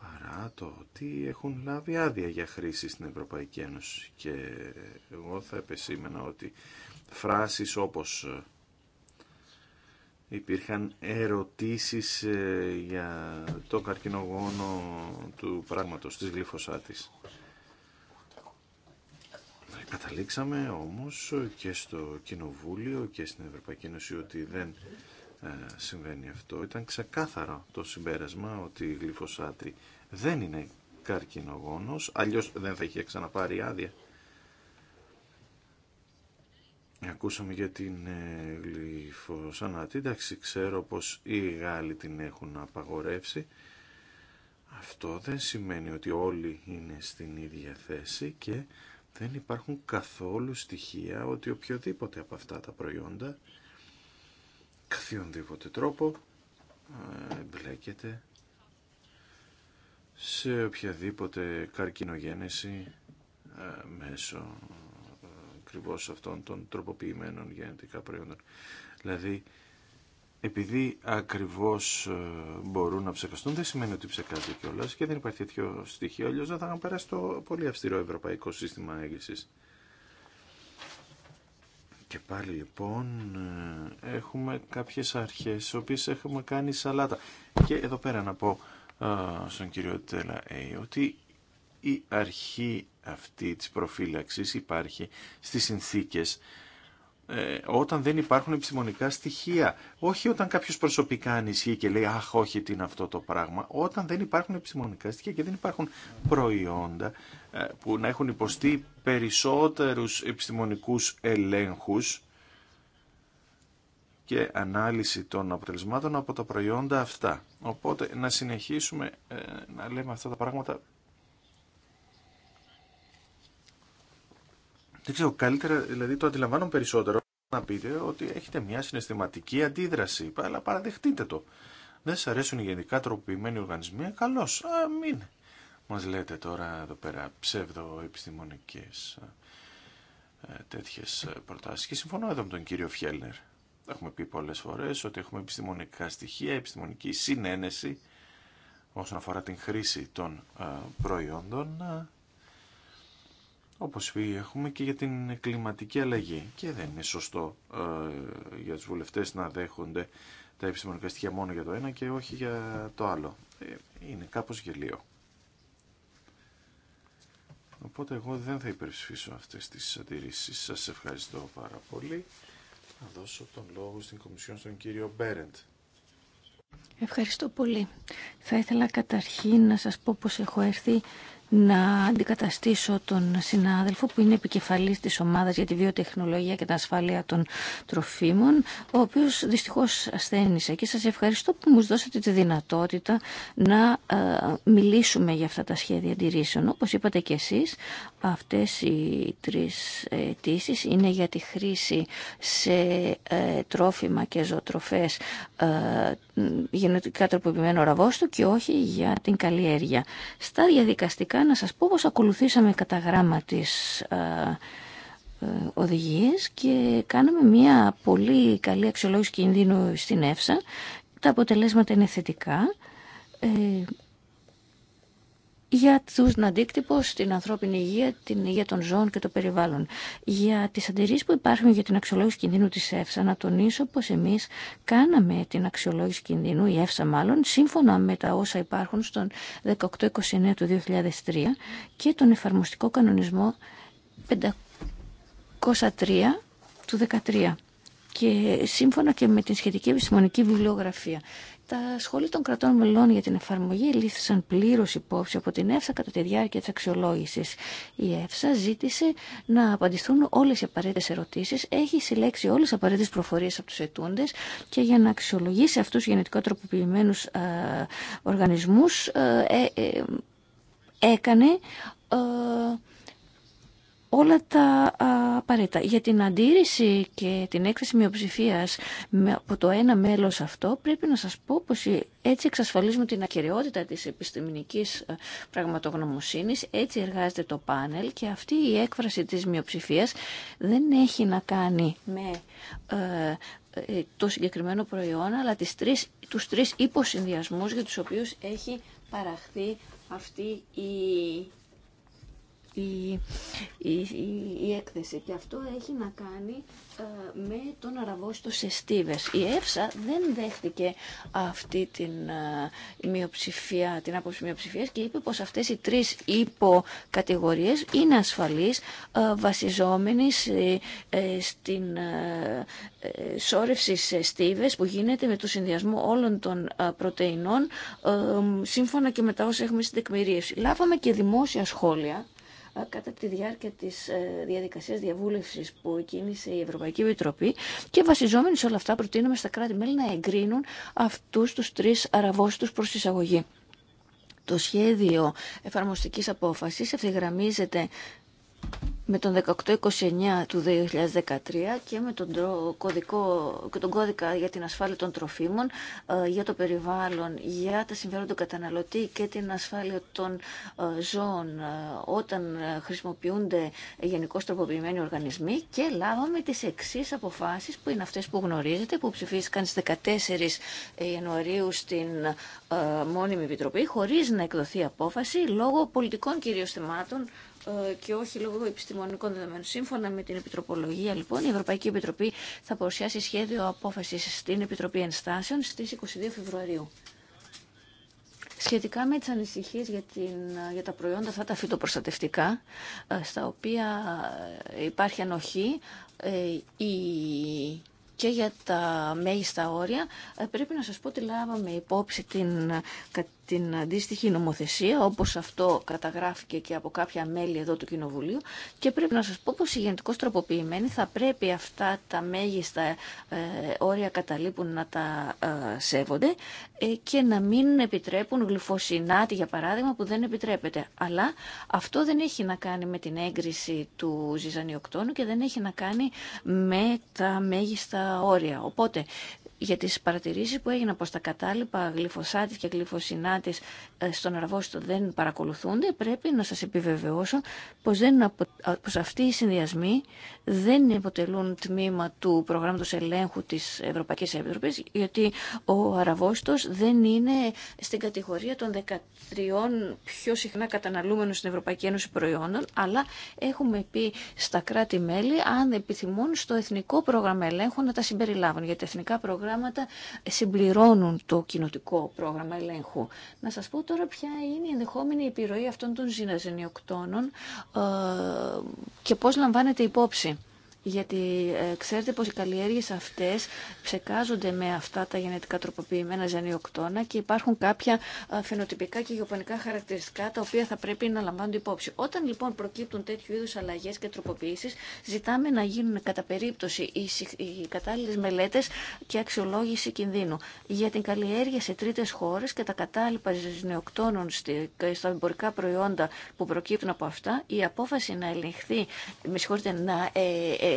παρά το ότι έχουν λάβει άδεια για χρήση στην Ευρωπαϊκή Ένωση και εγώ θα επεσήμενα ότι φράσεις όπως ε, υπήρχαν ερωτήσεις ε, για το καρκινογόνο του πράγματος της γλυφοσάτης Καταλήξαμε όμως και στο Κοινοβούλιο και στην Ευρωπαϊκή Ένωση ότι δεν ε, συμβαίνει αυτό. Ήταν ξεκάθαρο το συμπέρασμα ότι η γλυφοσάτρη δεν είναι καρκινογόνος, αλλιώς δεν θα είχε ξαναπάρει άδεια. Ακούσαμε για την ε, γλυφοσανάτη, εντάξει ξέρω πως οι Γάλλοι την έχουν απαγορεύσει. Αυτό δεν σημαίνει ότι όλοι είναι στην ίδια θέση και δεν υπάρχουν καθόλου στοιχεία ότι οποιοδήποτε από αυτά τα προϊόντα καθιονδήποτε τρόπο ε, εμπλέκεται σε οποιαδήποτε καρκινογένεση ε, μέσω ε, ακριβώ αυτών των τροποποιημένων γενετικά προϊόντων. Δηλαδή επειδή ακριβώς ε, μπορούν να ψεκαστούν, δεν σημαίνει ότι ψεκάζει κιόλα και δεν υπάρχει τέτοιο στοιχείο, αλλιώς δεν θα είχαν πέρασει το πολύ αυστηρό ευρωπαϊκό σύστημα έγκρισης. Και πάλι λοιπόν ε, έχουμε κάποιες αρχές, τι οποίες έχουμε κάνει σαλάτα. Και εδώ πέρα να πω ε, στον κύριο Τέλα ότι η αρχή αυτή της προφύλαξης υπάρχει στις συνθήκες ε, όταν δεν υπάρχουν επιστημονικά στοιχεία. Όχι όταν κάποιο προσωπικά ανησυχεί και λέει Αχ, όχι, τι είναι αυτό το πράγμα. Όταν δεν υπάρχουν επιστημονικά στοιχεία και δεν υπάρχουν προϊόντα ε, που να έχουν υποστεί περισσότερου επιστημονικού ελέγχου και ανάλυση των αποτελεσμάτων από τα προϊόντα αυτά. Οπότε να συνεχίσουμε ε, να λέμε αυτά τα πράγματα Δεν ξέρω, καλύτερα, δηλαδή το αντιλαμβάνομαι περισσότερο να πείτε ότι έχετε μια συναισθηματική αντίδραση, αλλά παραδεχτείτε το. Δεν σας αρέσουν οι γενικά τροποποιημένοι οργανισμοί, ε, καλώ. α, μην Μα λέτε τώρα εδώ πέρα ψευδοεπιστημονικές ε, τέτοιε προτάσει Και συμφωνώ εδώ με τον κύριο Φιέλνερ. Έχουμε πει πολλέ φορέ ότι έχουμε επιστημονικά στοιχεία, επιστημονική συνένεση όσον αφορά την χρήση των ε, προϊόντων όπως έχουμε και για την κλιματική αλλαγή. Και δεν είναι σωστό ε, για τους βουλευτές να δέχονται τα επιστημονικά στοιχεία μόνο για το ένα και όχι για το άλλο. Ε, είναι κάπως γελίο. Οπότε εγώ δεν θα υπερσφίσω αυτές τις αντιρρήσεις. Σας ευχαριστώ πάρα πολύ. Θα δώσω τον λόγο στην Κομισιόν στον κύριο Μπέρεντ. Ευχαριστώ πολύ. Θα ήθελα καταρχήν να σας πω πως έχω έρθει να αντικαταστήσω τον συνάδελφο που είναι επικεφαλής της ομάδας για τη βιοτεχνολογία και την ασφάλεια των τροφίμων, ο οποίος δυστυχώς ασθένησε και σας ευχαριστώ που μου δώσατε τη δυνατότητα να ε, μιλήσουμε για αυτά τα σχέδια αντιρρήσεων. Όπως είπατε και εσείς, αυτές οι τρεις αιτήσει είναι για τη χρήση σε ε, τρόφιμα και ζωοτροφές ε, γενετικά τροποποιημένο ραβόστο και όχι για την καλλιέργεια. Στα διαδικαστικά να σας πω πως ακολουθήσαμε κατά γράμμα α, ε, ε, οδηγίες και κάναμε μια πολύ καλή αξιολόγηση κινδύνου στην ΕΦΣΑ. Τα αποτελέσματα είναι θετικά. Ε, για τους αντίκτυπο στην ανθρώπινη υγεία, την υγεία των ζώων και το περιβάλλον. Για τις αντιρρήσεις που υπάρχουν για την αξιολόγηση κινδύνου της ΕΦΣΑ, να τονίσω πως εμείς κάναμε την αξιολόγηση κινδύνου, η ΕΦΣΑ μάλλον, σύμφωνα με τα όσα υπάρχουν στον 1829 του 2003 και τον εφαρμοστικό κανονισμό 503 του 2013 και σύμφωνα και με την σχετική επιστημονική βιβλιογραφία. Τα σχόλια των κρατών μελών για την εφαρμογή λήφθησαν πλήρω υπόψη από την ΕΦΣΑ κατά τη διάρκεια τη αξιολόγηση. Η ΕΦΣΑ ζήτησε να απαντηθούν όλε οι απαραίτητε ερωτήσει, έχει συλλέξει όλε τι απαραίτητε προφορίε από του ετούντε και για να αξιολογήσει αυτού του γενετικά τροποποιημένου ε, οργανισμού ε, ε, έκανε όλα τα απαραίτητα. Για την αντίρρηση και την έκθεση μειοψηφία από το ένα μέλος αυτό πρέπει να σας πω πως έτσι εξασφαλίζουμε την ακαιρεότητα της επιστημονική πραγματογνωμοσύνης, έτσι εργάζεται το πάνελ και αυτή η έκφραση της μειοψηφία δεν έχει να κάνει με ε, ε, το συγκεκριμένο προϊόν, αλλά τις τρεις, τους τρεις υποσυνδυασμούς για τους οποίους έχει παραχθεί αυτή η η, έκθεση και αυτό έχει να κάνει ε, με τον αραβόστο σε στίβες. Η ΕΦΣΑ δεν δέχτηκε αυτή την ε, μειοψηφία, την άποψη μειοψηφίας και είπε πως αυτές οι τρεις υποκατηγορίες είναι ασφαλείς ε, βασιζόμενοι στην σόρευση σε που γίνεται με το συνδυασμό όλων των πρωτεϊνών σύμφωνα και μετά τα όσα έχουμε στην τεκμηρίευση. Λάβαμε και δημόσια σχόλια ε, κατά τη διάρκεια της ε, διαδικασίας διαβούλευσης που κίνησε η Ευρωπαϊκή Επιτροπή και βασιζόμενοι σε όλα αυτά προτείνουμε στα κράτη-μέλη να εγκρίνουν αυτούς τους τρεις αραβόστους προς εισαγωγή. Το σχέδιο εφαρμοστικής απόφασης ευθυγραμμίζεται με τον 18-29 του 2013 και με τον κωδικό, και τον κώδικα για την ασφάλεια των τροφίμων, ε, για το περιβάλλον, για τα συμφέροντα του καταναλωτή και την ασφάλεια των ε, ζώων ε, όταν χρησιμοποιούνται γενικώ τροποποιημένοι οργανισμοί και λάβαμε τις εξή αποφάσεις που είναι αυτές που γνωρίζετε που ψηφίστηκαν στις 14 Ιανουαρίου στην Μόνιμη Επιτροπή χωρίς να εκδοθεί απόφαση λόγω πολιτικών κυρίως θεμάτων ε, και όχι λόγω επιστημονικών δεδομένων. Σύμφωνα με την Επιτροπολογία, λοιπόν, η Ευρωπαϊκή Επιτροπή θα παρουσιάσει σχέδιο απόφαση στην Επιτροπή Ενστάσεων στι 22 Φεβρουαρίου. Σχετικά με τι ανησυχίε για, για τα προϊόντα αυτά τα φυτοπροστατευτικά, ε, στα οποία ε, υπάρχει ανοχή, και για τα μέγιστα όρια. Πρέπει να σας πω ότι λάβαμε υπόψη την την αντίστοιχη νομοθεσία, όπως αυτό καταγράφηκε και από κάποια μέλη εδώ του Κοινοβουλίου και πρέπει να σας πω πως οι γενετικώς τροποποιημένοι θα πρέπει αυτά τα μέγιστα ε, όρια καταλήπουν να τα ε, σέβονται ε, και να μην επιτρέπουν γλυφοσυνάτη, για παράδειγμα, που δεν επιτρέπεται. Αλλά αυτό δεν έχει να κάνει με την έγκριση του ζυζανιοκτώνου και δεν έχει να κάνει με τα μέγιστα όρια. Οπότε για τις παρατηρήσεις που έγιναν πως τα κατάλοιπα γλυφοσάτης και γλυφοσινάτης ε, στον αραβόστο δεν παρακολουθούνται, πρέπει να σας επιβεβαιώσω πως, δεν, πως αυτοί οι συνδυασμοί δεν αποτελούν τμήμα του προγράμματος ελέγχου της Ευρωπαϊκής Επιτροπής, γιατί ο αραβόστος δεν είναι στην κατηγορία των 13 πιο συχνά καταναλούμενων στην Ευρωπαϊκή Ένωση προϊόντων, αλλά έχουμε πει στα κράτη-μέλη αν επιθυμούν στο εθνικό πρόγραμμα ελέγχου να τα συμπεριλάβουν, γιατί τα εθνικά προγράμματα προγράμματα συμπληρώνουν το κοινοτικό πρόγραμμα ελέγχου. Να σας πω τώρα ποια είναι η ενδεχόμενη επιρροή αυτών των ζυναζενιοκτώνων ε, και πώς λαμβάνεται υπόψη γιατί ε, ξέρετε πως οι καλλιέργειες αυτές ψεκάζονται με αυτά τα γενετικά τροποποιημένα ζανιοκτώνα και υπάρχουν κάποια ε, φαινοτυπικά και γεωπονικά χαρακτηριστικά τα οποία θα πρέπει να λαμβάνονται υπόψη. Όταν λοιπόν προκύπτουν τέτοιου είδους αλλαγές και τροποποιήσεις ζητάμε να γίνουν κατά περίπτωση οι κατάλληλε μελέτες και αξιολόγηση κινδύνου. Για την καλλιέργεια σε τρίτες χώρες και τα κατάλληλα ζανιοκτώνων στα εμπορικά προϊόντα που προκύπτουν από αυτά η απόφαση να ελεγχθεί, με συγχωρείτε, να ε, ε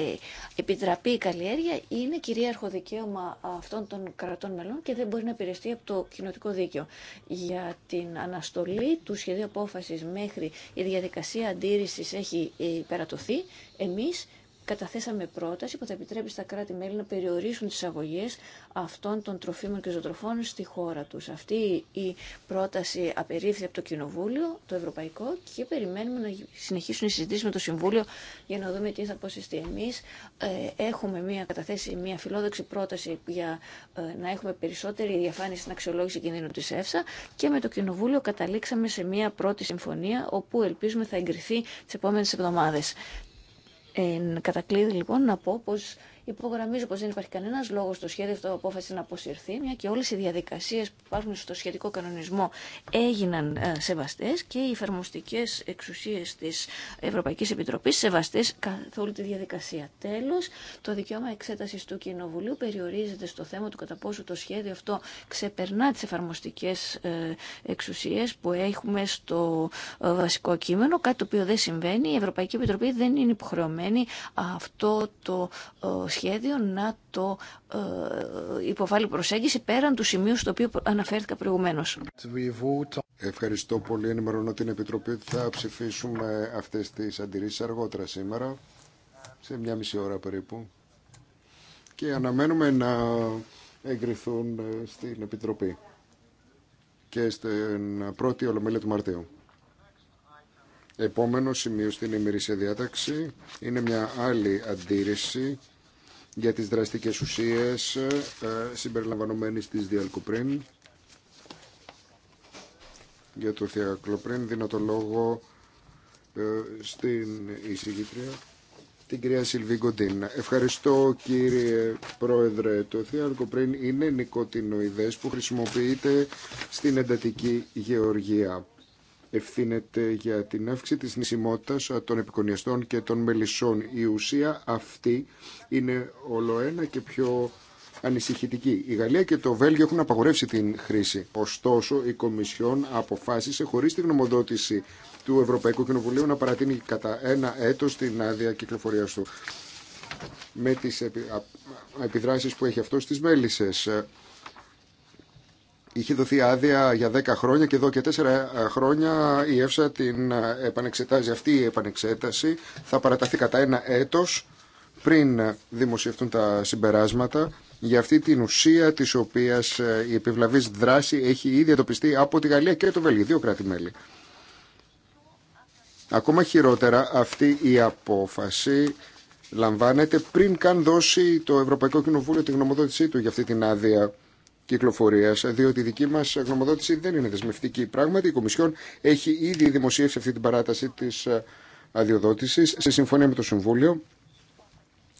επιτραπεί η καλλιέργεια είναι κυρίαρχο δικαίωμα αυτών των κρατών μελών και δεν μπορεί να επηρεαστεί από το κοινοτικό δίκαιο. Για την αναστολή του σχεδίου απόφαση μέχρι η διαδικασία αντίρρηση έχει ε, περατωθεί, εμείς καταθέσαμε πρόταση που θα επιτρέπει στα κράτη-μέλη να περιορίσουν τις αγωγέ αυτών των τροφίμων και ζωοτροφών στη χώρα τους. Αυτή η πρόταση απερίφθη από το Κοινοβούλιο, το Ευρωπαϊκό, και περιμένουμε να συνεχίσουν οι συζητήσεις με το Συμβούλιο για να δούμε τι θα αποσυστεί. Εμείς ε, έχουμε μια καταθέσει μια φιλόδοξη πρόταση για ε, να έχουμε περισσότερη διαφάνεια στην αξιολόγηση κινδύνου της ΕΦΣΑ και με το Κοινοβούλιο καταλήξαμε σε μια πρώτη συμφωνία όπου ελπίζουμε θα εγκριθεί τις επόμενες εβδομάδες. Εν κατακλείδη λοιπόν να πω πως Υπογραμμίζω πω δεν υπάρχει κανένα λόγο στο σχέδιο αυτό απόφαση να αποσυρθεί, μια και όλε οι διαδικασίε που υπάρχουν στο σχετικό κανονισμό έγιναν ε, σεβαστέ και οι εφαρμοστικέ εξουσίε τη Ευρωπαϊκή Επιτροπή σεβαστέ καθ' όλη τη διαδικασία. Τέλο, το δικαίωμα εξέταση του Κοινοβουλίου περιορίζεται στο θέμα του κατά πόσο το σχέδιο αυτό ξεπερνά τι εφαρμοστικέ ε, εξουσίε που έχουμε στο ε, βασικό κείμενο, κάτι το οποίο δεν συμβαίνει. Η Ευρωπαϊκή Επιτροπή δεν είναι υποχρεωμένη αυτό το να το ε, υποβάλει προσέγγιση πέραν του σημείου στο οποίο αναφέρθηκα προηγουμένως. Ευχαριστώ πολύ. Ενημερώνω την Επιτροπή ότι θα ψηφίσουμε αυτές τις αντιρρήσεις αργότερα σήμερα, σε μια μισή ώρα περίπου. Και αναμένουμε να εγκριθούν ε, στην Επιτροπή και στην πρώτη Ολομέλεια του Μαρτίου. Επόμενο σημείο στην ημερήσια διάταξη είναι μια άλλη αντίρρηση για τις δραστικές ουσίες ε, συμπεριλαμβανομένης της διαλκοπρίν. Για το Θεακλοπρίν, δίνω το λόγο ε, στην εισηγήτρια την κυρία Σιλβί Κοντίν. Ευχαριστώ κύριε Πρόεδρε. Το Θεακλοπρίν είναι νοικοτινοειδές που χρησιμοποιείται στην εντατική γεωργία ευθύνεται για την αύξηση της νησιμότητας των επικονιαστών και των μελισσών. Η ουσία αυτή είναι ολοένα και πιο ανησυχητική. Η Γαλλία και το Βέλγιο έχουν απαγορεύσει την χρήση. Ωστόσο, η Κομισιόν αποφάσισε χωρίς τη γνωμοδότηση του Ευρωπαϊκού Κοινοβουλίου να παρατείνει κατά ένα έτος την άδεια κυκλοφορίας του με τις επιδράσεις που έχει αυτό στις μέλισσες. Είχε δοθεί άδεια για 10 χρόνια και εδώ και 4 ε, χρόνια η ΕΦΣΑ την ε, επανεξετάζει. Αυτή η επανεξέταση θα παραταθεί κατά ένα έτος πριν δημοσιευτούν τα συμπεράσματα για αυτή την ουσία της οποίας ε, η επιβλαβής δράση έχει ήδη εντοπιστεί από τη Γαλλία και το Βέλγιο, δύο κράτη-μέλη. Ακόμα χειρότερα αυτή η απόφαση λαμβάνεται πριν καν δώσει το Ευρωπαϊκό Κοινοβούλιο τη γνωμοδότησή του για αυτή την άδεια κυκλοφορία, διότι η δική μα γνωμοδότηση δεν είναι δεσμευτική. Πράγματι, η Κομισιόν έχει ήδη δημοσιεύσει αυτή την παράταση τη ε, αδειοδότηση σε συμφωνία με το Συμβούλιο.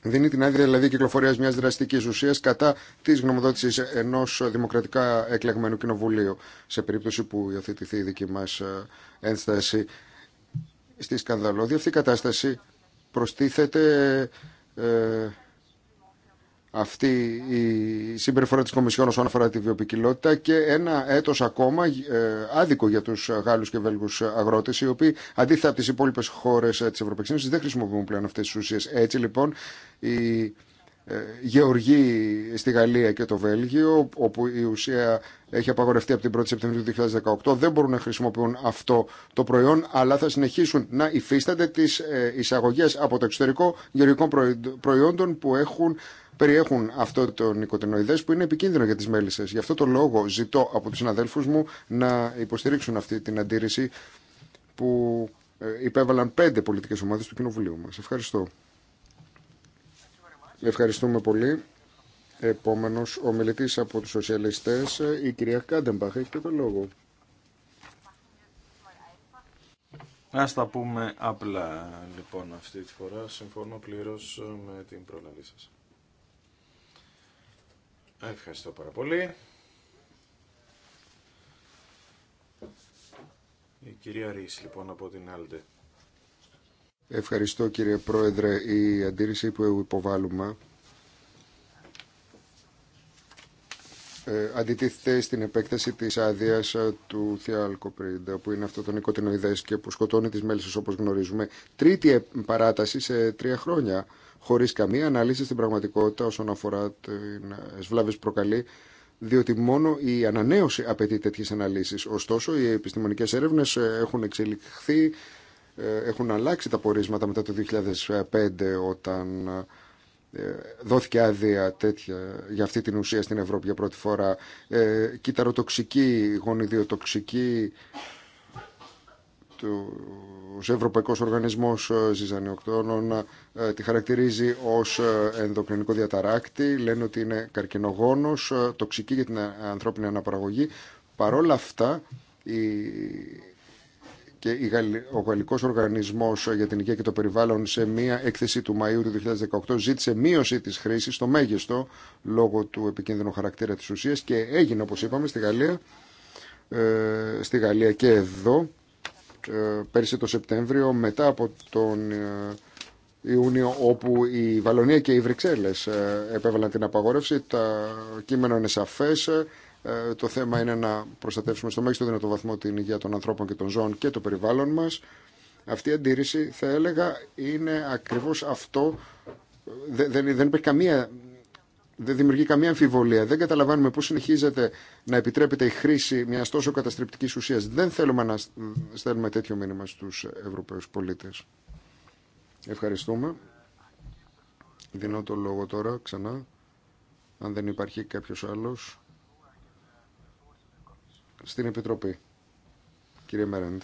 Δίνει την άδεια δηλαδή κυκλοφορία μια δραστική ουσία κατά τη γνωμοδότηση ενό δημοκρατικά εκλεγμένου κοινοβουλίου, σε περίπτωση που υιοθετηθεί η δική μα ε, ένσταση στη σκανδαλώδη. Αυτή η κατάσταση προστίθεται ε, αυτή η συμπεριφορά της Κομισιόν όσον αφορά τη βιοπικιλότητα και ένα έτος ακόμα ε, άδικο για τους Γάλλους και Βέλγους αγρότες οι οποίοι αντίθετα από τις υπόλοιπες χώρες της Ευρωπαϊκής Ένωσης δεν χρησιμοποιούν πλέον αυτές τις ουσίες. Έτσι λοιπόν η ε, γεωργοί στη Γαλλία και το Βέλγιο όπου η ουσία έχει απαγορευτεί από την 1η Σεπτεμβρίου 2018 δεν μπορούν να χρησιμοποιούν αυτό το προϊόν αλλά θα συνεχίσουν να υφίστανται τις ε, εισαγωγές από το εξωτερικό γεωργικών προϊόντων που έχουν περιέχουν αυτό το νοικοτενοειδέ που είναι επικίνδυνο για τις μέλισσες. Γι' αυτό το λόγο ζητώ από τους συναδέλφους μου να υποστηρίξουν αυτή την αντίρρηση που ε, υπέβαλαν πέντε πολιτικές ομάδες του Κοινοβουλίου μας. Ευχαριστώ. Ευχαριστούμε πολύ. Επόμενος ο μιλητής από τους σοσιαλιστές, η κυρία Κάντεμπαχ, έχετε το λόγο. Α τα πούμε απλά λοιπόν αυτή τη φορά. Συμφωνώ πλήρω με την πρόλαβή σας. Ευχαριστώ πάρα πολύ. Η κυρία Ρίς, λοιπόν, από την Άλντε. Ευχαριστώ, κύριε Πρόεδρε. Η αντίρρηση που υποβάλλουμε ε, αντιτίθεται στην επέκταση της άδεια ε, του θεαλκοπρίντα, που είναι αυτό το οικοτινοειδές και που σκοτώνει τις μέλισσες όπως γνωρίζουμε. Τρίτη παράταση σε τρία χρόνια χωρίς καμία ανάλυση στην πραγματικότητα όσον αφορά τι βλάβε που προκαλεί διότι μόνο η ανανέωση απαιτεί τέτοιε αναλύσει, Ωστόσο, οι επιστημονικές έρευνες ε, έχουν εξελιχθεί, ε, έχουν αλλάξει τα πορίσματα μετά το 2005 όταν ε, δόθηκε άδεια τέτοια, για αυτή την ουσία στην Ευρώπη για πρώτη φορά. Ε, κυταροτοξική, γονιδιοτοξική, ο Ευρωπαϊκός Οργανισμός ε, Ζυζανιοκτώνων ε, τη χαρακτηρίζει ως ε, ενδοκρινικό διαταράκτη, λένε ότι είναι καρκινογόνος, τοξική για την ανθρώπινη αναπαραγωγή. Παρόλα αυτά, η... και ο Γαλλικό Οργανισμός για την Υγεία και το Περιβάλλον σε μία έκθεση του Μαΐου του 2018 ζήτησε μείωση της χρήση στο μέγιστο λόγω του επικίνδυνου χαρακτήρα τη ουσία και έγινε, όπω είπαμε, στη Γαλλία, στη Γαλλία και εδώ ε, πέρσι το Σεπτέμβριο μετά από τον ε, Ιούνιο όπου η Βαλονία και οι Βρυξέλλες ε, επέβαλαν την απαγόρευση. Τα κείμενα είναι σαφές. Το θέμα είναι να προστατεύσουμε στο μέγιστο δυνατό βαθμό την υγεία των ανθρώπων και των ζώων και το περιβάλλον μας. Αυτή η αντίρρηση θα έλεγα είναι ακριβώς αυτό. Δεν, δεν, δεν υπάρχει καμία δεν δημιουργεί καμία αμφιβολία. Δεν καταλαβαίνουμε πώ συνεχίζεται να επιτρέπεται η χρήση μια τόσο καταστρεπτική ουσία. Δεν θέλουμε να στέλνουμε τέτοιο μήνυμα στου Ευρωπαίου πολίτε. Ευχαριστούμε. Δίνω το λόγο τώρα ξανά. Αν δεν υπάρχει κάποιο άλλο. Στην Επιτροπή. Κύριε Μερέντ.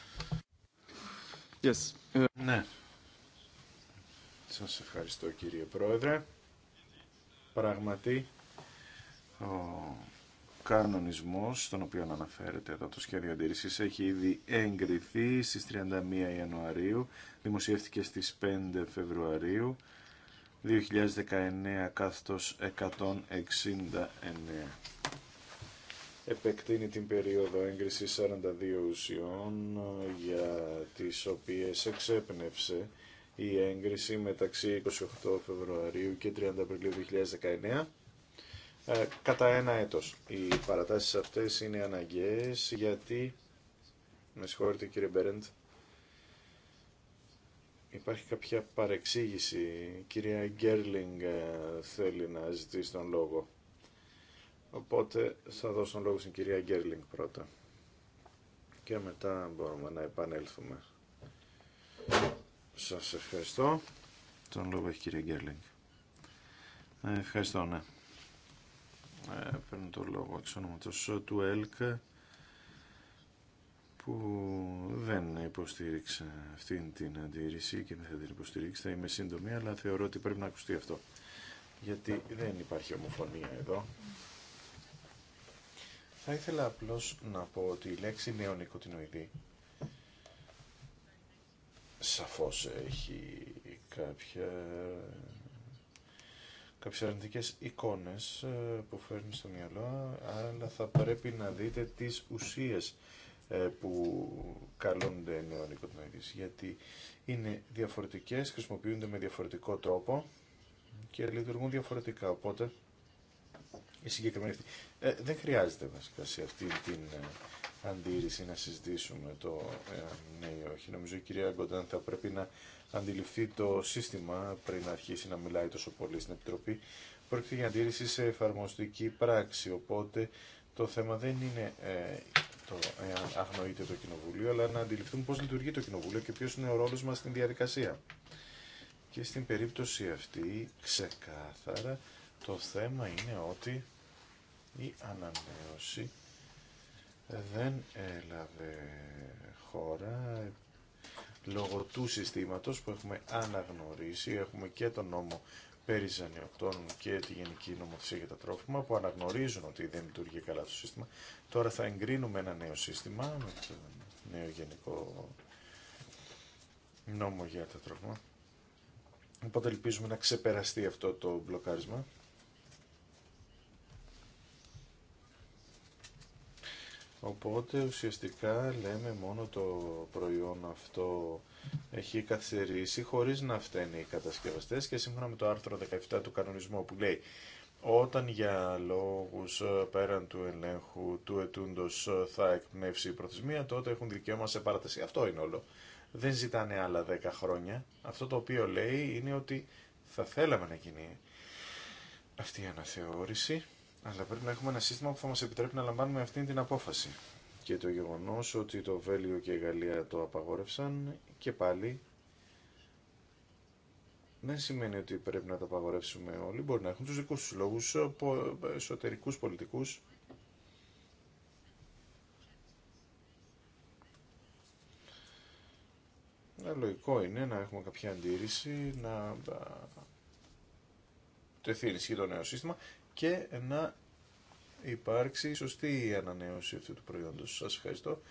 Yes. Ναι. Σας ευχαριστώ κύριε Πρόεδρε. Πράγματι, ο κανονισμός, στον οποίο αναφέρεται εδώ το σχέδιο αντίρρησης, έχει ήδη εγκριθεί στις 31 Ιανουαρίου, δημοσιεύτηκε στις 5 Φεβρουαρίου, 2019 καθώς 169 επεκτείνει την περίοδο έγκρισης 42 ουσιών για τις οποίες εξέπνευσε η έγκριση μεταξύ 28 Φεβρουαρίου και 30 Απριλίου 2019 ε, κατά ένα έτος. Οι παρατάσεις αυτές είναι αναγκαίες γιατί, με συγχωρείτε κύριε Μπέρεντ, Υπάρχει κάποια παρεξήγηση. Η κυρία Γκέρλινγκ ε, θέλει να ζητήσει τον λόγο. Οπότε θα δώσω τον λόγο στην κυρία Γκέρλινγκ πρώτα. Και μετά μπορούμε να επανέλθουμε. Σας ευχαριστώ. Τον λόγο έχει κύριε Γκέρλινγκ. Ε, ευχαριστώ, ναι. Ε, παίρνω τον λόγο εξ ονόματος του ΕΛΚ που δεν υποστήριξε αυτήν την αντίρρηση και δεν θα την υποστηρίξει, θα είμαι σύντομη, αλλά θεωρώ ότι πρέπει να ακουστεί αυτό. Γιατί δεν υπάρχει ομοφωνία εδώ. Θα ήθελα απλώς να πω ότι η λέξη νεονικοτινοειδή σαφώς έχει κάποια κάποιες αρνητικές εικόνες ε, που φέρνει στο μυαλό, αλλά θα πρέπει να δείτε τις ουσίες ε, που καλούνται νεονοικοτινοειδείς, γιατί είναι διαφορετικές, χρησιμοποιούνται με διαφορετικό τρόπο και λειτουργούν διαφορετικά, οπότε η συγκεκριμένη ε, δεν χρειάζεται βασικά σε αυτή την αντίρρηση να συζητήσουμε το ε, ναι ή όχι. Νομίζω η κυρία Γκοντάν θα πρέπει να αντιληφθεί το σύστημα πριν αρχίσει να μιλάει τόσο πολύ στην Επιτροπή. Πρόκειται για αντίρρηση σε εφαρμοστική πράξη, οπότε το θέμα δεν είναι ε, το εάν αγνοείται το Κοινοβούλιο, αλλά να αντιληφθούμε πώ λειτουργεί το Κοινοβούλιο και ποιο είναι ο ρόλος μας στην διαδικασία. Και στην περίπτωση αυτή, ξεκάθαρα, το θέμα είναι ότι η ανανέωση δεν έλαβε χώρα λόγω του συστήματος που έχουμε αναγνωρίσει. Έχουμε και τον νόμο περί ζανιοκτώνων και τη Γενική Νομοθεσία για τα Τρόφιμα που αναγνωρίζουν ότι δεν λειτουργεί καλά το σύστημα. Τώρα θα εγκρίνουμε ένα νέο σύστημα με το νέο Γενικό Νόμο για τα Τρόφιμα. Οπότε ελπίζουμε να ξεπεραστεί αυτό το μπλοκάρισμα. Οπότε ουσιαστικά λέμε μόνο το προϊόν αυτό έχει καθυστερήσει χωρίς να φταίνει οι κατασκευαστές και σύμφωνα με το άρθρο 17 του κανονισμού που λέει όταν για λόγους πέραν του ελέγχου του ετούντος θα εκπνεύσει η προθεσμία τότε έχουν δικαίωμα σε παράταση. Αυτό είναι όλο. Δεν ζητάνε άλλα 10 χρόνια. Αυτό το οποίο λέει είναι ότι θα θέλαμε να γίνει αυτή η αναθεώρηση αλλά πρέπει να έχουμε ένα σύστημα που θα μας επιτρέπει να λαμβάνουμε αυτή την απόφαση. Και το γεγονός ότι το Βέλγιο και η Γαλλία το απαγόρευσαν και πάλι δεν σημαίνει ότι πρέπει να το απαγορεύσουμε όλοι. Μπορεί να έχουν τους δικούς τους λόγους, εσωτερικούς πολιτικούς. Ε, λογικό είναι να έχουμε κάποια αντίρρηση, να τεθεί ενισχύ το νέο σύστημα και να υπάρξει σωστή ανανέωση αυτού του προϊόντος. Σας ευχαριστώ.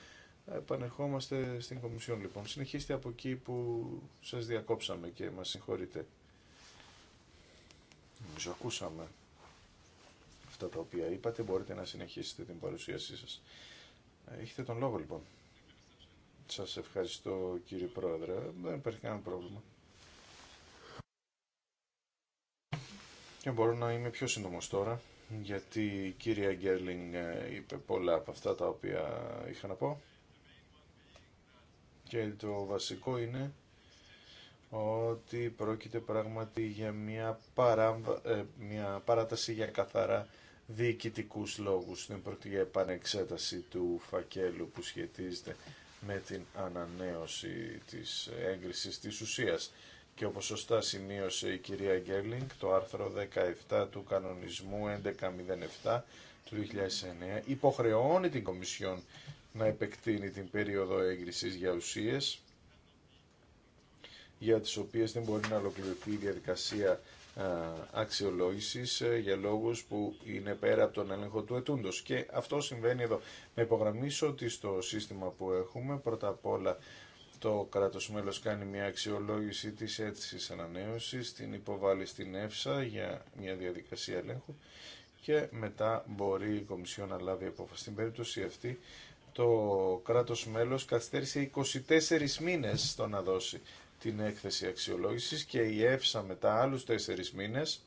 Επανερχόμαστε στην Κομισιόν λοιπόν. Συνεχίστε από εκεί που σας διακόψαμε και μας συγχωρείτε. Νομίζω ακούσαμε αυτά τα οποία είπατε. Μπορείτε να συνεχίσετε την παρουσίασή σας. Έχετε τον λόγο λοιπόν. Σας ευχαριστώ κύριε Πρόεδρε. Δεν υπάρχει κανένα πρόβλημα. Και ε, μπορώ να είμαι πιο σύντομο τώρα, γιατί η κυρία Γκέρλινγκ ε, είπε πολλά από αυτά τα οποία είχα να πω. Και το βασικό είναι ότι πρόκειται πράγματι για μια, ε, μια παράταση για καθαρά διοικητικούς λόγους. Δεν πρόκειται για επανεξέταση του φακέλου που σχετίζεται με την ανανέωση της έγκρισης της ουσίας και όπως σωστά σημείωσε η κυρία Γκέρλινγκ, το άρθρο 17 του κανονισμού 1107 του 2009 υποχρεώνει την Κομισιόν να επεκτείνει την περίοδο έγκρισης για ουσίες για τις οποίες δεν μπορεί να ολοκληρωθεί η διαδικασία αξιολόγησης ε, για λόγους που είναι πέρα από τον έλεγχο του ετούντος. Και αυτό συμβαίνει εδώ. Να υπογραμμίσω ότι στο σύστημα που έχουμε πρώτα απ' όλα το κράτος μέλος κάνει μια αξιολόγηση της αίτησης ανανέωσης, την υποβάλλει στην ΕΦΣΑ για μια διαδικασία ελέγχου και μετά μπορεί η Κομισιόν να λάβει απόφαση. Στην περίπτωση αυτή το κράτος μέλος καθυστέρησε 24 μήνες στο να δώσει την έκθεση αξιολόγησης και η ΕΦΣΑ μετά άλλους 4 μήνες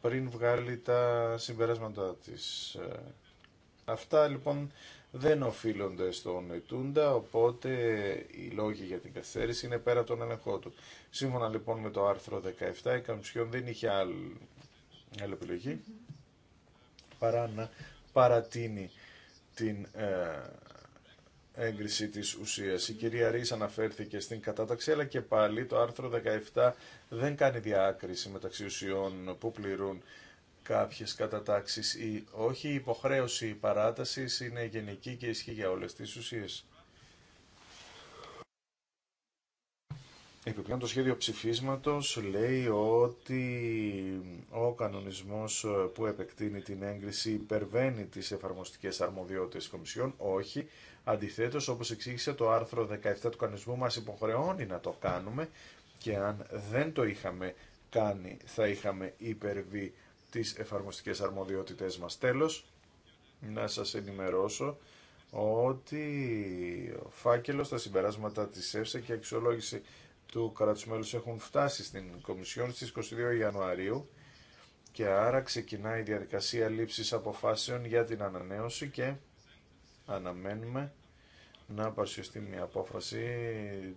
πριν βγάλει τα συμπεράσματα της. Ε, αυτά λοιπόν δεν οφείλονται στον Ετούντα, οπότε οι λόγοι για την καθυστέρηση είναι πέρα τον ελεγχό του. Σύμφωνα λοιπόν με το άρθρο 17, η Καμψιόν δεν είχε άλλη, άλλη επιλογή παρά να παρατείνει την ε, έγκριση της ουσίας. Η κυρία Ρίς αναφέρθηκε στην κατάταξη, αλλά και πάλι το άρθρο 17 δεν κάνει διάκριση μεταξύ ουσιών που πληρούν κάποιες κατατάξεις ή όχι. Η υποχρέωση παράτασης παραταση ειναι γενική και ισχύει για όλες τις ουσίες. Επιπλέον το σχέδιο ψηφίσματος λέει ότι ο κανονισμός που επεκτείνει την έγκριση υπερβαίνει τις εφαρμοστικές αρμοδιότητες κομισιών. Όχι. Αντιθέτως, όπως εξήγησε το άρθρο 17 του κανονισμού μας υποχρεώνει να το κάνουμε και αν δεν το είχαμε κάνει θα είχαμε υπερβεί τις εφαρμοστικές αρμοδιότητές μας. Τέλος, να σας ενημερώσω ότι ο φάκελος, τα συμπεράσματα της ΕΦΣΑ και η αξιολόγηση του κράτους μέλους έχουν φτάσει στην Κομισιόν στις 22 Ιανουαρίου και άρα ξεκινάει η διαδικασία λήψης αποφάσεων για την ανανέωση και αναμένουμε να παρουσιαστεί μια απόφαση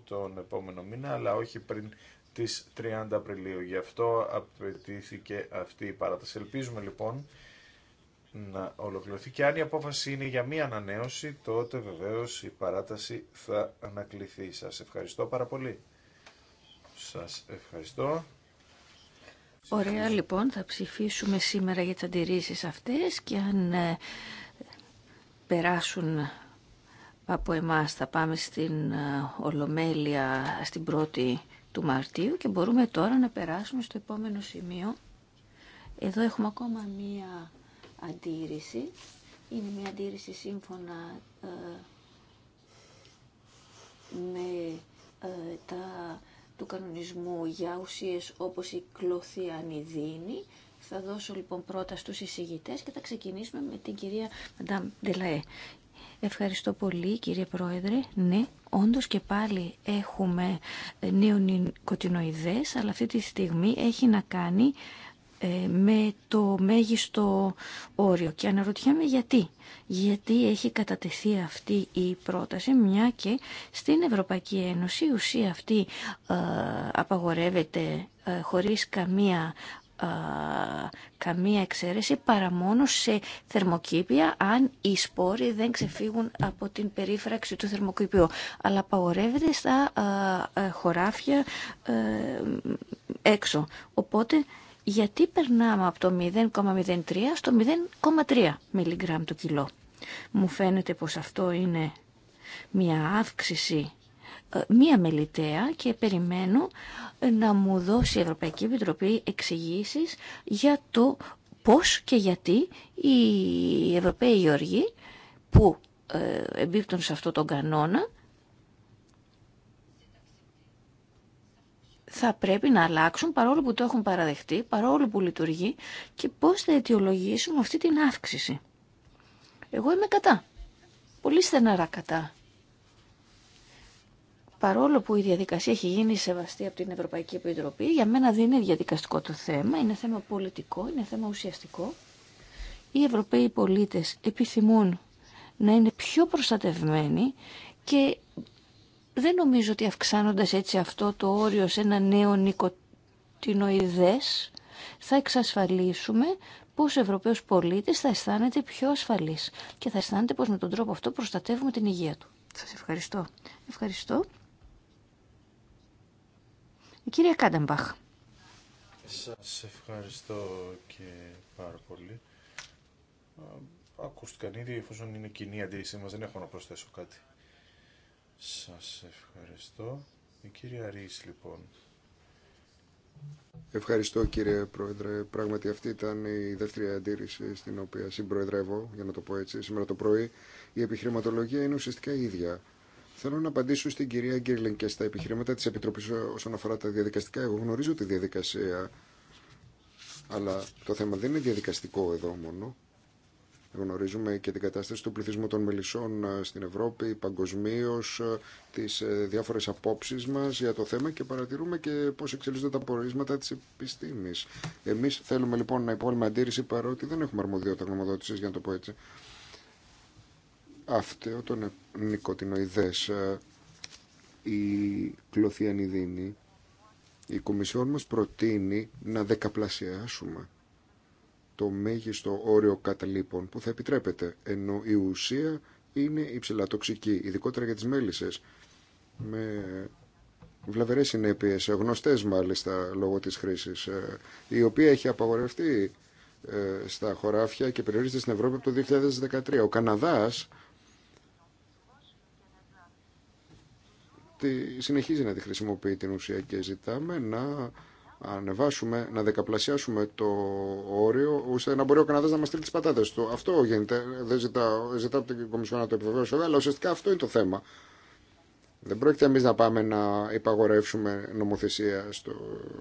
τον επόμενο μήνα αλλά όχι πριν της 30 Απριλίου. Γι' αυτό απαιτήθηκε αυτή η παράταση. Ελπίζουμε λοιπόν να ολοκληρωθεί και αν η απόφαση είναι για μία ανανέωση τότε βεβαίως η παράταση θα ανακληθεί. Σας ευχαριστώ πάρα πολύ. Σας ευχαριστώ. Ωραία λοιπόν θα ψηφίσουμε σήμερα για τις αντιρρήσεις αυτές και αν ε, περάσουν από εμάς θα πάμε στην ε, Ολομέλεια στην πρώτη του Μαρτίου και μπορούμε τώρα να περάσουμε στο επόμενο σημείο. Εδώ έχουμε ακόμα μία αντίρρηση. Είναι μία αντίρρηση σύμφωνα ε, με ε, τα του κανονισμού για ουσίες όπως η κλωθιανιδίνη. Θα δώσω λοιπόν πρώτα στους εισηγητές και θα ξεκινήσουμε με την κυρία Μαντάμ Ντελαέ. Ευχαριστώ πολύ κύριε Πρόεδρε. Ναι, όντως και πάλι έχουμε ε, κοτινοειδές, αλλά αυτή τη στιγμή έχει να κάνει ε, με το μέγιστο όριο. Και αναρωτιέμαι γιατί. Γιατί έχει κατατεθεί αυτή η πρόταση, μια και στην Ευρωπαϊκή Ένωση η ουσία αυτή ε, απαγορεύεται χωρίς καμία καμία εξαίρεση παρά μόνο σε θερμοκήπια αν οι σπόροι δεν ξεφύγουν από την περίφραξη του θερμοκηπίου. Αλλά απαγορεύεται στα ε, χωράφια ε, έξω. Οπότε γιατί περνάμε από το 0,03 στο 0,3 μιλιγκράμμ το κιλό. Μου φαίνεται πως αυτό είναι μια αύξηση ε, μία μελιτέα και περιμένω ε, να μου δώσει η Ευρωπαϊκή Επιτροπή εξηγήσεις για το πώς και γιατί οι Ευρωπαίοι Γεωργοί που ε, εμπίπτουν σε αυτό τον κανόνα θα πρέπει να αλλάξουν παρόλο που το έχουν παραδεχτεί, παρόλο που λειτουργεί και πώς θα αιτιολογήσουν αυτή την αύξηση. Εγώ είμαι κατά. Πολύ στεναρά κατά παρόλο που η διαδικασία έχει γίνει σεβαστή από την Ευρωπαϊκή Επιτροπή, για μένα δεν είναι διαδικαστικό το θέμα, είναι θέμα πολιτικό, είναι θέμα ουσιαστικό. Οι Ευρωπαίοι πολίτες επιθυμούν να είναι πιο προστατευμένοι και δεν νομίζω ότι αυξάνοντας έτσι αυτό το όριο σε ένα νέο νοικοτινοειδές θα εξασφαλίσουμε πως ο Ευρωπαίος πολίτης θα αισθάνεται πιο ασφαλής και θα αισθάνεται πως με τον τρόπο αυτό προστατεύουμε την υγεία του. Σας ευχαριστώ. Ευχαριστώ. Η κυρία Κάντεμπαχ. Σας ευχαριστώ και πάρα πολύ. Ακούστηκαν ήδη, εφόσον είναι κοινή αντίρρηση Μα δεν έχω να προσθέσω κάτι. Σας ευχαριστώ. Η κυρία Ρίς, λοιπόν. Ευχαριστώ κύριε Πρόεδρε. Πράγματι αυτή ήταν η δεύτερη αντίρρηση στην οποία συμπροεδρεύω, για να το πω έτσι, σήμερα το πρωί. Η επιχειρηματολογία είναι ουσιαστικά ίδια. Θέλω να απαντήσω στην κυρία Γκίρλινγκ και στα επιχειρήματα τη Επιτροπής όσον αφορά τα διαδικαστικά. Εγώ γνωρίζω τη διαδικασία, αλλά το θέμα δεν είναι διαδικαστικό εδώ μόνο. Γνωρίζουμε και την κατάσταση του πληθυσμού των μελισσών ε, στην Ευρώπη, παγκοσμίω, ε, τι ε, διάφορε απόψει μα για το θέμα και παρατηρούμε και πώ εξελίσσονται τα πορίσματα τη επιστήμη. Εμεί θέλουμε λοιπόν να υπόλοιπα αντίρρηση παρότι δεν έχουμε αρμοδιότητα γνωμοδότηση, για να το πω έτσι αυτό των νοικοτινοειδές ε, η κλωθιανιδίνη η Κομισιόν μας προτείνει να δεκαπλασιάσουμε το μέγιστο όριο καταλήπων που θα επιτρέπεται ενώ η ουσία είναι υψηλατοξική ειδικότερα για τις μέλισσες με βλαβερές συνέπειες γνωστές μάλιστα λόγω της χρήσης ε, η οποία έχει απαγορευτεί ε, στα χωράφια και περιορίζεται στην Ευρώπη από το 2013. Ο Καναδάς συνεχίζει να τη χρησιμοποιεί την ουσία και ζητάμε να ανεβάσουμε, να δεκαπλασιάσουμε το όριο, ώστε να μπορεί ο Καναδά να μα στείλει τι πατάτε του. Αυτό γίνεται. Δεν ζητάω, από την Κομισιόν να το επιβεβαιώσω, αλλά ουσιαστικά αυτό είναι το θέμα. Δεν πρόκειται εμεί να πάμε να υπαγορεύσουμε νομοθεσία στο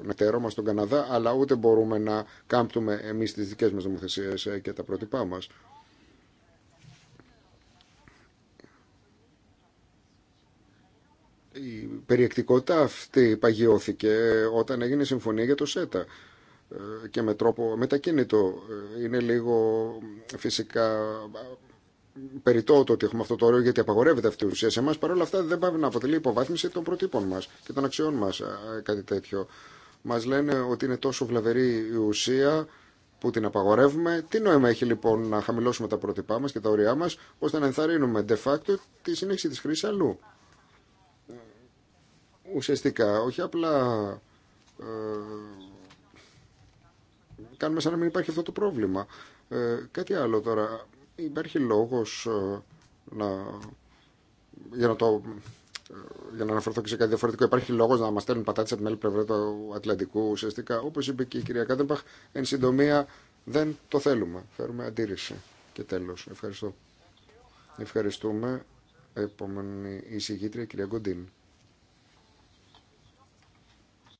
εταίρο μα στον Καναδά, αλλά ούτε μπορούμε να κάμπτουμε εμεί τι δικέ μα νομοθεσίε και τα πρότυπά μα. η περιεκτικότητα αυτή παγιώθηκε όταν έγινε η συμφωνία για το ΣΕΤΑ ε, και με τρόπο μετακίνητο. Ε, είναι λίγο φυσικά περιττό το ότι έχουμε αυτό το όριο γιατί απαγορεύεται αυτή η ουσία σε εμά. Παρ' όλα αυτά δεν πάμε να αποτελεί υποβάθμιση των προτύπων μα και των αξιών μα ε, κάτι τέτοιο. Μα λένε ότι είναι τόσο βλαβερή η ουσία που την απαγορεύουμε. Τι νόημα έχει λοιπόν να χαμηλώσουμε τα πρότυπά μα και τα οριά μα ώστε να ενθαρρύνουμε de facto τη συνέχιση τη χρήση αλλού ουσιαστικά, όχι απλά ε, κάνουμε σαν να μην υπάρχει αυτό το πρόβλημα. Ε, κάτι άλλο τώρα, υπάρχει λόγος ε, να, για να το ε, για να αναφερθώ και σε κάτι διαφορετικό, υπάρχει λόγο να μα στέλνουν πατάτε από την άλλη πλευρά του Ατλαντικού. Ουσιαστικά, όπω είπε και η κυρία Κάτεμπαχ, εν συντομία δεν το θέλουμε. Φέρουμε αντίρρηση. Και τέλο. Ευχαριστώ. Ευχαριστούμε. Επόμενη εισηγήτρια, κυρία Κοντίν.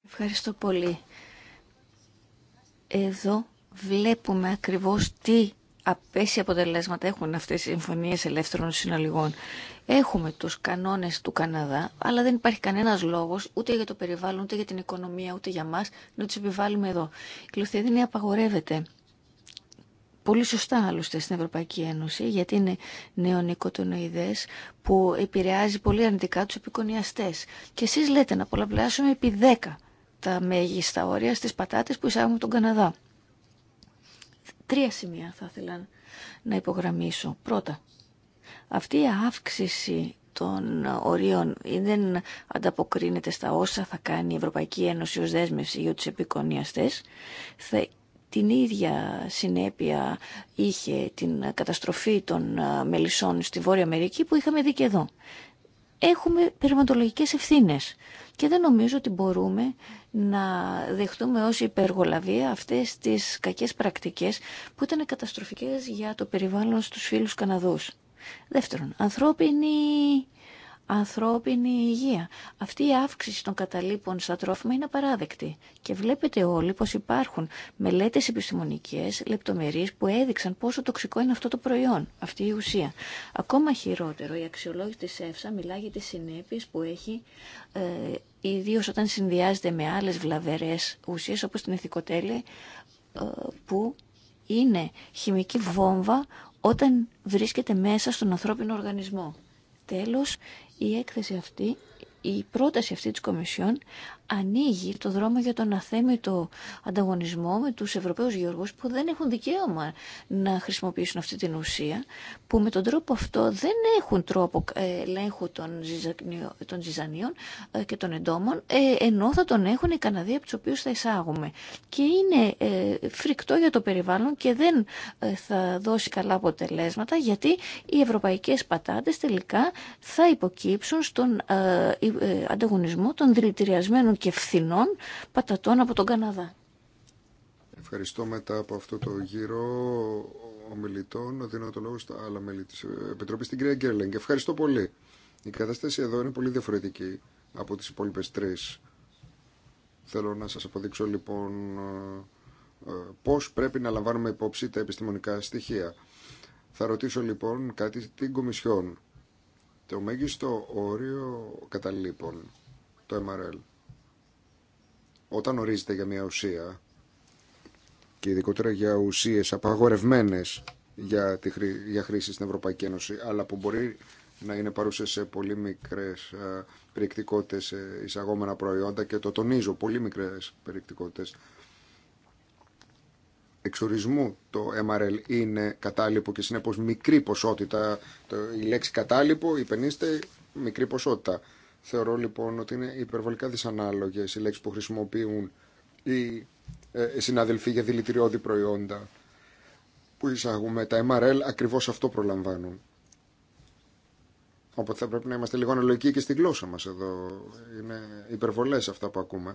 Ευχαριστώ πολύ. Εδώ βλέπουμε ακριβώς τι απέσια αποτελέσματα έχουν αυτές οι συμφωνίες ελεύθερων συναλλαγών. Έχουμε τους κανόνες του Καναδά, αλλά δεν υπάρχει κανένας λόγος ούτε για το περιβάλλον, ούτε για την οικονομία, ούτε για μας να τους επιβάλλουμε εδώ. Η κλωστιαδίνη απαγορεύεται. Πολύ σωστά άλλωστε στην Ευρωπαϊκή Ένωση, γιατί είναι νεονικοτονοειδές που επηρεάζει πολύ αρνητικά τους επικονιαστές. Και εσείς λέτε να πολλαπλάσουμε επί 10 τα μέγιστα όρια στις πατάτες που εισάγουμε τον Καναδά. Τρία σημεία θα ήθελα να υπογραμμίσω. Πρώτα, αυτή η αύξηση των ορίων δεν ανταποκρίνεται στα όσα θα κάνει η Ευρωπαϊκή Ένωση ως δέσμευση για τους επικονιαστές. την ίδια συνέπεια είχε την καταστροφή των ε, μελισσών στη Βόρεια Αμερική που είχαμε δει και εδώ έχουμε περιβαλλοντολογικές ευθύνες. Και δεν νομίζω ότι μπορούμε να δεχτούμε ως υπεργολαβία αυτές τις κακές πρακτικές που ήταν καταστροφικές για το περιβάλλον στους φίλους Καναδούς. Δεύτερον, ανθρώπινη ανθρώπινη υγεία. Αυτή η αύξηση των καταλήπων στα τρόφιμα είναι απαράδεκτη. Και βλέπετε όλοι πως υπάρχουν μελέτες επιστημονικές, λεπτομερείς που έδειξαν πόσο τοξικό είναι αυτό το προϊόν, αυτή η ουσία. Ακόμα χειρότερο, η αξιολόγηση της ΕΦΣΑ μιλά για τις συνέπειες που έχει ε, Ιδίω όταν συνδυάζεται με άλλες βλαβερές ουσίες όπως την ηθικοτέλεια ε, που είναι χημική βόμβα όταν βρίσκεται μέσα στον ανθρώπινο οργανισμό. Τέλος, η έκθεση αυτή η πρόταση αυτή της Κομισιόν ανοίγει το δρόμο για τον αθέμητο ανταγωνισμό με τους Ευρωπαίους γεωργούς που δεν έχουν δικαίωμα να χρησιμοποιήσουν αυτή την ουσία, που με τον τρόπο αυτό δεν έχουν τρόπο ε, ελέγχου των ζιζανιών ε, και των εντόμων, ε, ενώ θα τον έχουν οι Καναδοί από τους οποίους θα εισάγουμε. Και είναι φρικτό για το περιβάλλον και δεν θα δώσει καλά αποτελέσματα, γιατί οι ευρωπαϊκές πατάτες τελικά θα υποκύψουν στον ε, ανταγωνισμό των δηλητηριασμένων και φθηνών πατατών από τον Καναδά. Ευχαριστώ μετά από αυτό το γύρο ομιλητών. Δίνω το λόγο στα άλλα μέλη τη ε, Επιτροπή, την κυρία Γκέρλεγκ. Ευχαριστώ πολύ. Η κατάσταση εδώ είναι πολύ διαφορετική από τις υπόλοιπε τρει. Θέλω να σας αποδείξω λοιπόν ε, πώς πρέπει να λαμβάνουμε υπόψη τα επιστημονικά στοιχεία. Θα ρωτήσω λοιπόν κάτι στην Κομισιόν το μέγιστο όριο καταλήπων, το MRL, όταν ορίζεται για μια ουσία και ειδικότερα για ουσίες απαγορευμένες για, τη, για χρήση στην Ευρωπαϊκή Ένωση, αλλά που μπορεί να είναι παρούσε σε πολύ μικρές ε, περιεκτικότητες ε, εισαγόμενα προϊόντα και το τονίζω, πολύ μικρές περιεκτικότητες εξορισμού το MRL είναι κατάλοιπο και συνεπώ μικρή ποσότητα, το, η λέξη κατάλοιπο υπενήστε μικρή ποσότητα. Θεωρώ λοιπόν ότι είναι υπερβολικά δυσανάλογες οι λέξεις που χρησιμοποιούν οι ε, συναδελφοί για δηλητηριώδη προϊόντα που εισάγουμε. Τα MRL ακριβώς αυτό προλαμβάνουν. Οπότε θα πρέπει να είμαστε λίγο αναλογικοί και στη γλώσσα μα εδώ. Είναι υπερβολές αυτά που ακούμε.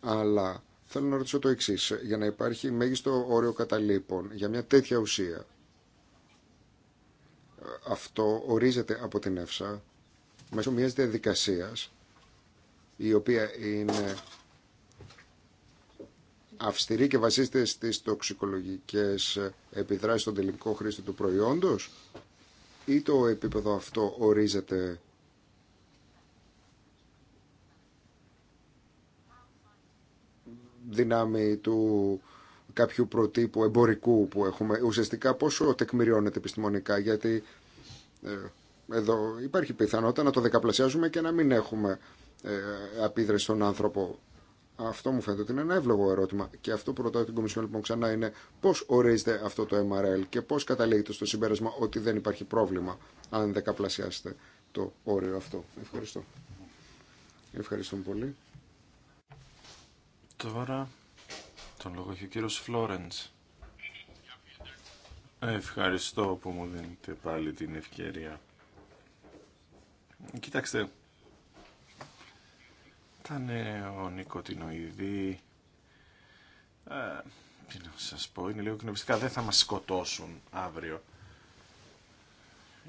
Αλλά Θέλω να ρωτήσω το εξή. Για να υπάρχει μέγιστο όριο καταλήπων για μια τέτοια ουσία, αυτό ορίζεται από την ΕΦΣΑ μέσω μια διαδικασία η οποία είναι αυστηρή και βασίζεται στις τοξικολογικές επιδράσεις στον τελικό χρήστη του προϊόντος ή το επίπεδο αυτό ορίζεται δυνάμει του κάποιου προτύπου εμπορικού που έχουμε. Ουσιαστικά πόσο τεκμηριώνεται επιστημονικά, γιατί ε, εδώ υπάρχει πιθανότητα να το δεκαπλασιάζουμε και να μην έχουμε ε, απίδραση στον άνθρωπο. Αυτό μου φαίνεται ότι είναι ένα εύλογο ερώτημα. Και αυτό που ρωτάω την Κομισιόν λοιπόν ξανά είναι πώ ορίζεται αυτό το MRL και πώ καταλήγεται στο συμπέρασμα ότι δεν υπάρχει πρόβλημα αν δεκαπλασιάσετε το όριο αυτό. Ευχαριστώ. Ευχαριστούμε πολύ. Τώρα τον λόγο έχει ο κύριος Φλόρεντς. Ευχαριστώ που μου δίνετε πάλι την ευκαιρία. Κοιτάξτε, τα νεονικοτινοειδή, ε, τι να σας πω, είναι λίγο κοινοβιστικά, δεν θα μας σκοτώσουν αύριο.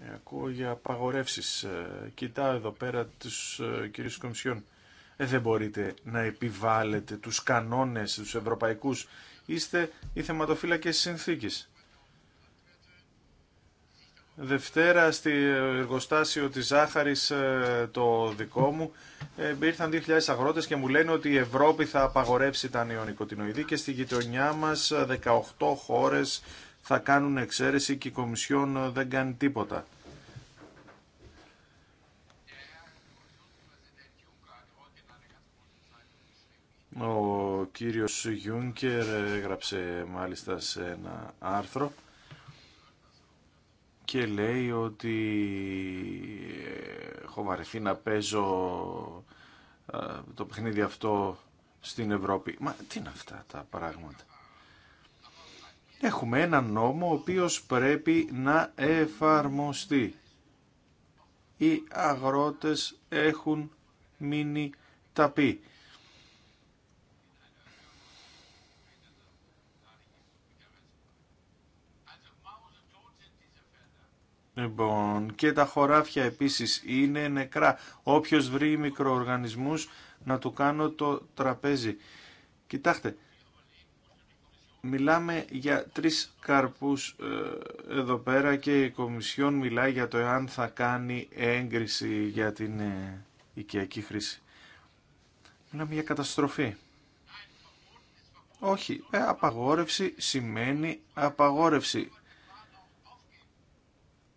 Ε, ακούω για απαγορεύσεις. Ε, κοιτάω εδώ πέρα τους ε, κυρίους Κομισιόν. Ε, δεν μπορείτε να επιβάλλετε τους κανόνες, τους ευρωπαϊκούς. Είστε οι θεματοφύλακες συνθήκης. Δευτέρα στη ε, εργοστάσιο της Ζάχαρης ε, το δικό μου ήρθαν 2.000 αγρότες και μου λένε ότι η Ευρώπη θα απαγορεύσει τα νεονικοτινοειδή και στη γειτονιά μας 18 χώρες θα κάνουν εξαίρεση και η Κομισιόν δεν κάνει τίποτα. Ο κύριος Γιούνκερ έγραψε μάλιστα σε ένα άρθρο και λέει ότι ε, έχω βαρεθεί να παίζω ε, το παιχνίδι αυτό στην Ευρώπη. Μα τι είναι αυτά τα πράγματα. Έχουμε ένα νόμο ο οποίος πρέπει να εφαρμοστεί. Οι αγρότες έχουν μείνει ταπεί. Λοιπόν, και τα χωράφια επίσης είναι νεκρά. Όποιος βρει μικροοργανισμούς να του κάνω το τραπέζι. Κοιτάξτε, μιλάμε για τρεις καρπούς ε, εδώ πέρα και η Κομισιόν μιλάει για το εάν θα κάνει έγκριση για την ε, οικιακή χρήση. Μιλάμε για καταστροφή. Όχι, ε, απαγόρευση σημαίνει απαγόρευση.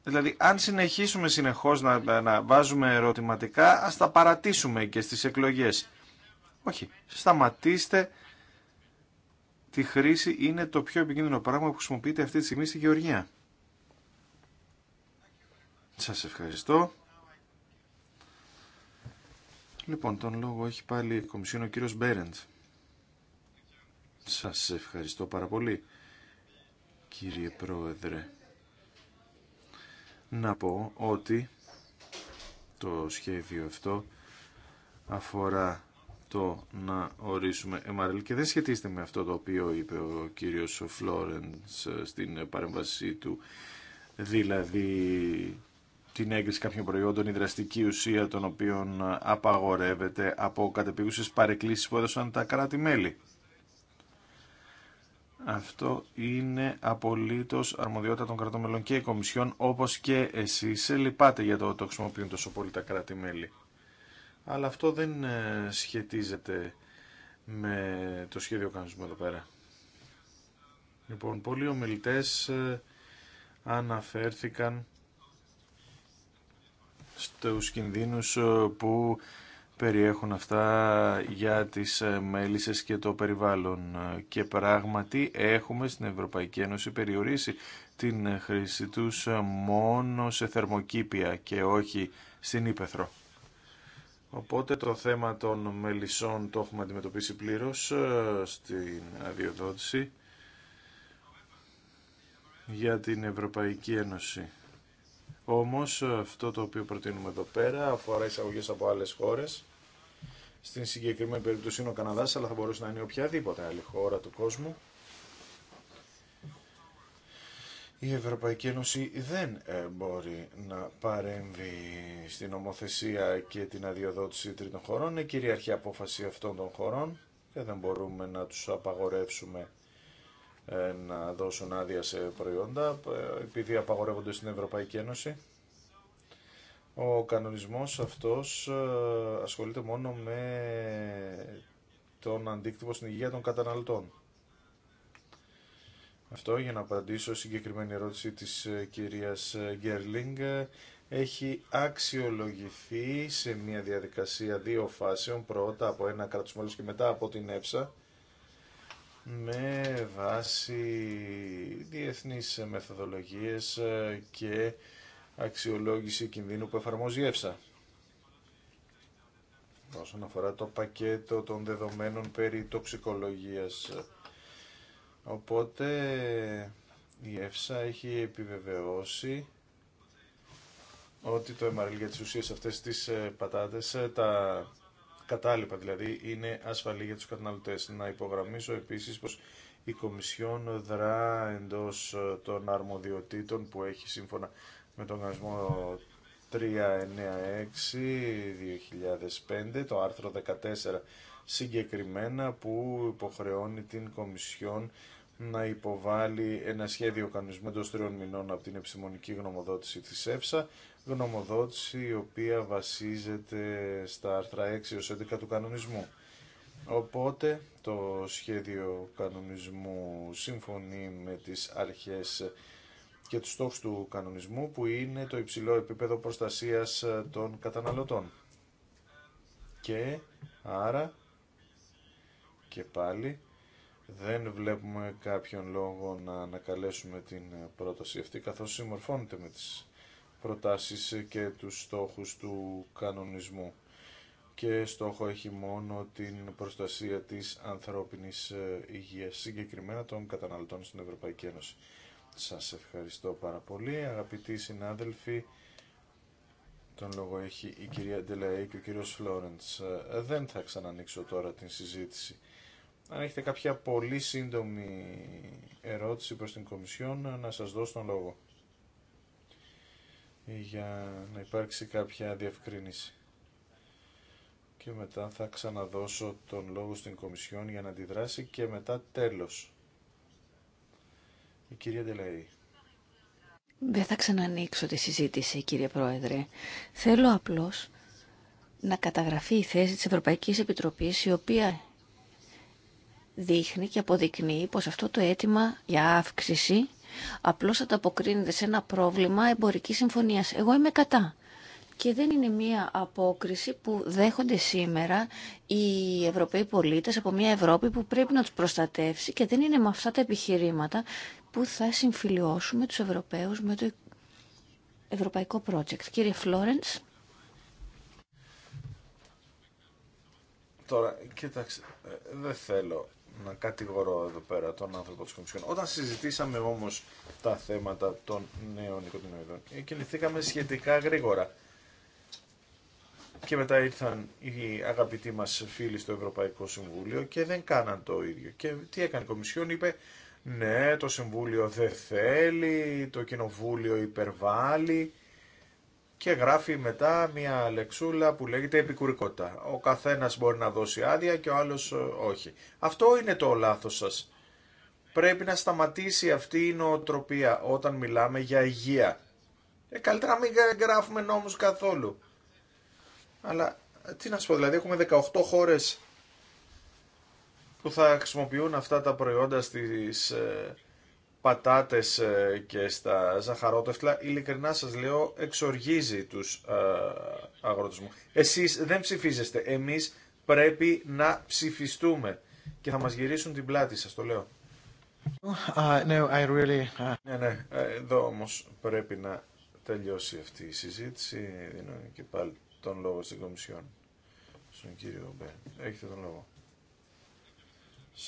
Δηλαδή, αν συνεχίσουμε συνεχώς να, βάζουμε ερωτηματικά, ας τα παρατήσουμε και στις εκλογές. Όχι, σταματήστε τη χρήση είναι το πιο επικίνδυνο πράγμα που χρησιμοποιείται αυτή τη στιγμή στη Γεωργία. Σας ευχαριστώ. Λοιπόν, τον λόγο έχει πάλι η Κομισιόν ο κύριος Μπέρεντ. Σας ευχαριστώ πάρα πολύ, κύριε Πρόεδρε να πω ότι το σχέδιο αυτό αφορά το να ορίσουμε MRL και δεν σχετίζεται με αυτό το οποίο είπε ο κύριος Φλόρενς ε, στην παρέμβασή του, δηλαδή την έγκριση κάποιων προϊόντων, η δραστική ουσία των οποίων απαγορεύεται από κατεπίγουσες παρεκκλήσεις που έδωσαν τα κράτη-μέλη. Αυτό είναι απολύτω αρμοδιότητα των κρατών και κομισιών, όπως και εσείς. Λυπάτε για το ότι το χρησιμοποιούν τόσο πολύ τα κράτη-μέλη. Αλλά αυτό δεν ε, σχετίζεται με το σχέδιο κανονισμού εδώ πέρα. Λοιπόν, πολλοί ομιλητέ ε, αναφέρθηκαν στους κινδύνους ε, που περιέχουν αυτά για τις ε, μέλισσες και το περιβάλλον. Και πράγματι έχουμε στην Ευρωπαϊκή Ένωση περιορίσει την χρήση τους μόνο σε θερμοκήπια και όχι στην Ήπεθρο. Οπότε το θέμα των μελισσών το έχουμε αντιμετωπίσει πλήρως ε, στην αδειοδότηση για την Ευρωπαϊκή Ένωση. Όμως αυτό το οποίο προτείνουμε εδώ πέρα αφορά εισαγωγές από άλλες χώρες. Στην συγκεκριμένη περίπτωση είναι ο Καναδάς, αλλά θα μπορούσε να είναι οποιαδήποτε άλλη χώρα του κόσμου. Η Ευρωπαϊκή Ένωση δεν ε, μπορεί να παρέμβει στην νομοθεσία και την αδειοδότηση τρίτων χωρών. Είναι κυρίαρχη απόφαση αυτών των χωρών και δεν μπορούμε να τους απαγορεύσουμε ε, να δώσουν άδεια σε προϊόντα ε, επειδή απαγορεύονται στην Ευρωπαϊκή Ένωση. Ο κανονισμός αυτός ε, ασχολείται μόνο με τον αντίκτυπο στην υγεία των καταναλωτών. Αυτό για να απαντήσω συγκεκριμένη ερώτηση της κυρίας Γκέρλινγκ έχει αξιολογηθεί σε μια διαδικασία δύο φάσεων, πρώτα από ένα κράτος και μετά από την ΕΨΑ με βάση διεθνείς μεθοδολογίες και αξιολόγηση κινδύνου που εφαρμόζει ΕΦΣΑ. Όσον αφορά το πακέτο των δεδομένων περί τοξικολογίας. Οπότε η ΕΦΣΑ έχει επιβεβαιώσει ότι το MRL για τις ουσίες αυτές τις ε, πατάτες ε, τα κατάλοιπα δηλαδή είναι ασφαλή για τους καταναλωτές. Να υπογραμμίσω επίσης πως η Κομισιόν δρά εντός ε, των αρμοδιοτήτων που έχει σύμφωνα με τον οργανισμό 396-2005, το άρθρο 14 συγκεκριμένα που υποχρεώνει την Κομισιόν να υποβάλει ένα σχέδιο κανονισμού εντό τριών μηνών από την επιστημονική γνωμοδότηση τη ΕΦΣΑ, γνωμοδότηση η οποία βασίζεται στα άρθρα 6 έως 11 του κανονισμού. Οπότε το σχέδιο κανονισμού συμφωνεί με τις αρχές και τους στόχους του κανονισμού που είναι το υψηλό επίπεδο προστασίας των καταναλωτών. Και άρα και πάλι δεν βλέπουμε κάποιον λόγο να ανακαλέσουμε την πρόταση αυτή, καθώς συμμορφώνεται με τις προτάσεις και τους στόχους του κανονισμού και στόχο έχει μόνο την προστασία της ανθρώπινης υγείας, συγκεκριμένα των καταναλωτών στην Ευρωπαϊκή Ένωση. Σας ευχαριστώ πάρα πολύ. Αγαπητοί συνάδελφοι, τον λόγο έχει η κυρία Ντελαή και ο κύριος Φλόρεντς. Δεν θα ξανανοίξω τώρα την συζήτηση αν έχετε κάποια πολύ σύντομη ερώτηση προς την Κομισιόν, να σας δώσω τον λόγο για να υπάρξει κάποια διευκρίνηση. Και μετά θα ξαναδώσω τον λόγο στην Κομισιόν για να αντιδράσει και μετά τέλος. Η κυρία Ντελαή. Δεν θα ξανανοίξω τη συζήτηση, κύριε Πρόεδρε. Θέλω απλώς να καταγραφεί η θέση της Ευρωπαϊκής Επιτροπής, η οποία δείχνει και αποδεικνύει πως αυτό το αίτημα για αύξηση απλώς ανταποκρίνεται σε ένα πρόβλημα εμπορικής συμφωνίας. Εγώ είμαι κατά. Και δεν είναι μία απόκριση που δέχονται σήμερα οι Ευρωπαίοι πολίτες από μια Ευρώπη που πρέπει να τους προστατεύσει και δεν είναι με αυτά τα επιχειρήματα που θα συμφιλιώσουμε τους Ευρωπαίους με το ευρωπαϊκό project. Κύριε Φλόρενς. Τώρα, κοίταξε, ε, δεν θέλω να κατηγορώ εδώ πέρα τον άνθρωπο της Κομισιόν. Όταν συζητήσαμε όμως τα θέματα των νέων οικοτινοειδών, κινηθήκαμε σχετικά γρήγορα. Και μετά ήρθαν οι αγαπητοί μας φίλοι στο Ευρωπαϊκό Συμβούλιο και δεν κάναν το ίδιο. Και τι έκανε η Κομισιόν, είπε ναι το Συμβούλιο δεν θέλει, το Κοινοβούλιο υπερβάλλει και γράφει μετά μια λεξούλα που λέγεται επικουρικότητα. Ο καθένας μπορεί να δώσει άδεια και ο άλλος ε, όχι. Αυτό είναι το λάθος σας. Πρέπει να σταματήσει αυτή η νοοτροπία όταν μιλάμε για υγεία. Ε, καλύτερα μην γράφουμε νόμους καθόλου. Αλλά ε, τι να σου πω, δηλαδή έχουμε 18 χώρες που θα χρησιμοποιούν αυτά τα προϊόντα στις ε, πατάτες ε, και στα ζαχαρότευτλα, ειλικρινά σας λέω, εξοργίζει τους ε, αγρότες μου. Εσείς δεν ψηφίζεστε, εμείς πρέπει να ψηφιστούμε και θα μας γυρίσουν την πλάτη σας, το λέω. no, ναι, I really... Ναι, ναι, ε, εδώ όμως πρέπει να τελειώσει αυτή η συζήτηση, δίνω και πάλι τον λόγο στην Κομισιόν, στον κύριο Μπέ. Έχετε τον λόγο.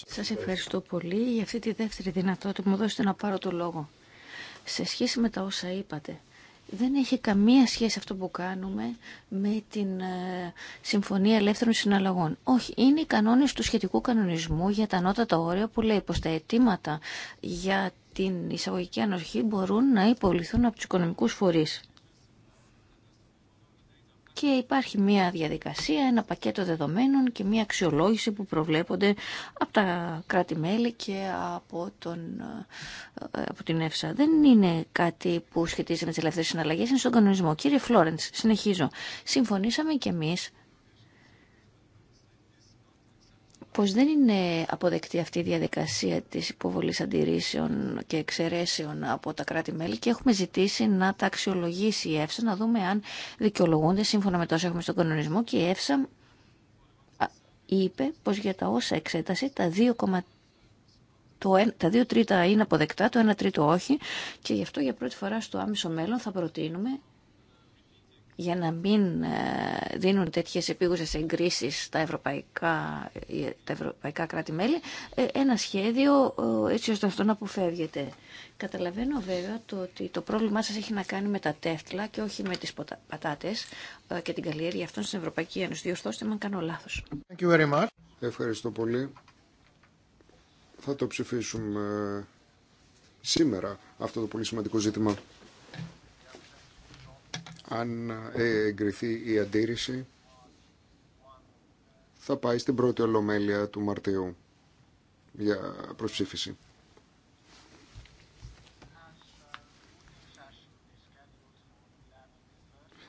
Σας ευχαριστώ πολύ για αυτή τη δεύτερη δυνατότητα που μου δώσετε να πάρω το λόγο. Σε σχέση με τα όσα είπατε, δεν έχει καμία σχέση αυτό που κάνουμε με την ε, Συμφωνία Ελεύθερων Συναλλαγών. Όχι, είναι οι κανόνες του σχετικού κανονισμού για τα ανώτατα όρια που λέει πως τα αιτήματα για την εισαγωγική ανοχή μπορούν να υποβληθούν από τους οικονομικούς φορείς και υπάρχει μια διαδικασία, ένα πακέτο δεδομένων και μια αξιολόγηση που προβλέπονται από τα κράτη-μέλη και από, τον, ε, από την ΕΦΣΑ. Δεν είναι κάτι που σχετίζεται με τις ελεύθερε συναλλαγέ είναι στον κανονισμό. Κύριε Φλόρεντς, συνεχίζω. Συμφωνήσαμε κι εμεί. πως δεν είναι αποδεκτή αυτή η διαδικασία της υποβολής αντιρρήσεων και εξαιρέσεων από τα κράτη-μέλη και έχουμε ζητήσει να τα αξιολογήσει η ΕΦΣΑ, να δούμε αν δικαιολογούνται σύμφωνα με το όσο έχουμε στον κανονισμό και η ΕΦΣΑ είπε πως για τα όσα εξέτασε τα 2 το, τα δύο τρίτα είναι αποδεκτά, το ένα τρίτο όχι και γι' αυτό για πρώτη φορά στο άμεσο μέλλον θα προτείνουμε για να μην ε, δίνουν τέτοιες επίγουσες εγκρίσεις στα ευρωπαϊκά, ε, τα ευρωπαϊκά κράτη-μέλη ε, ένα σχέδιο έτσι ώστε αυτό να αποφεύγεται. Καταλαβαίνω βέβαια το ότι το πρόβλημά σας έχει να κάνει με τα τέφτλα και όχι με τις πατάτες και την καλλιέργεια αυτών στην Ευρωπαϊκή Ένωση. Διορθώστε με αν κάνω λάθος. Ευχαριστώ πολύ. Θα το ψηφίσουμε σήμερα αυτό το πολύ σημαντικό ζήτημα αν ε, εγκριθεί η αντίρρηση θα πάει στην πρώτη ολομέλεια του Μαρτίου για προσψήφιση.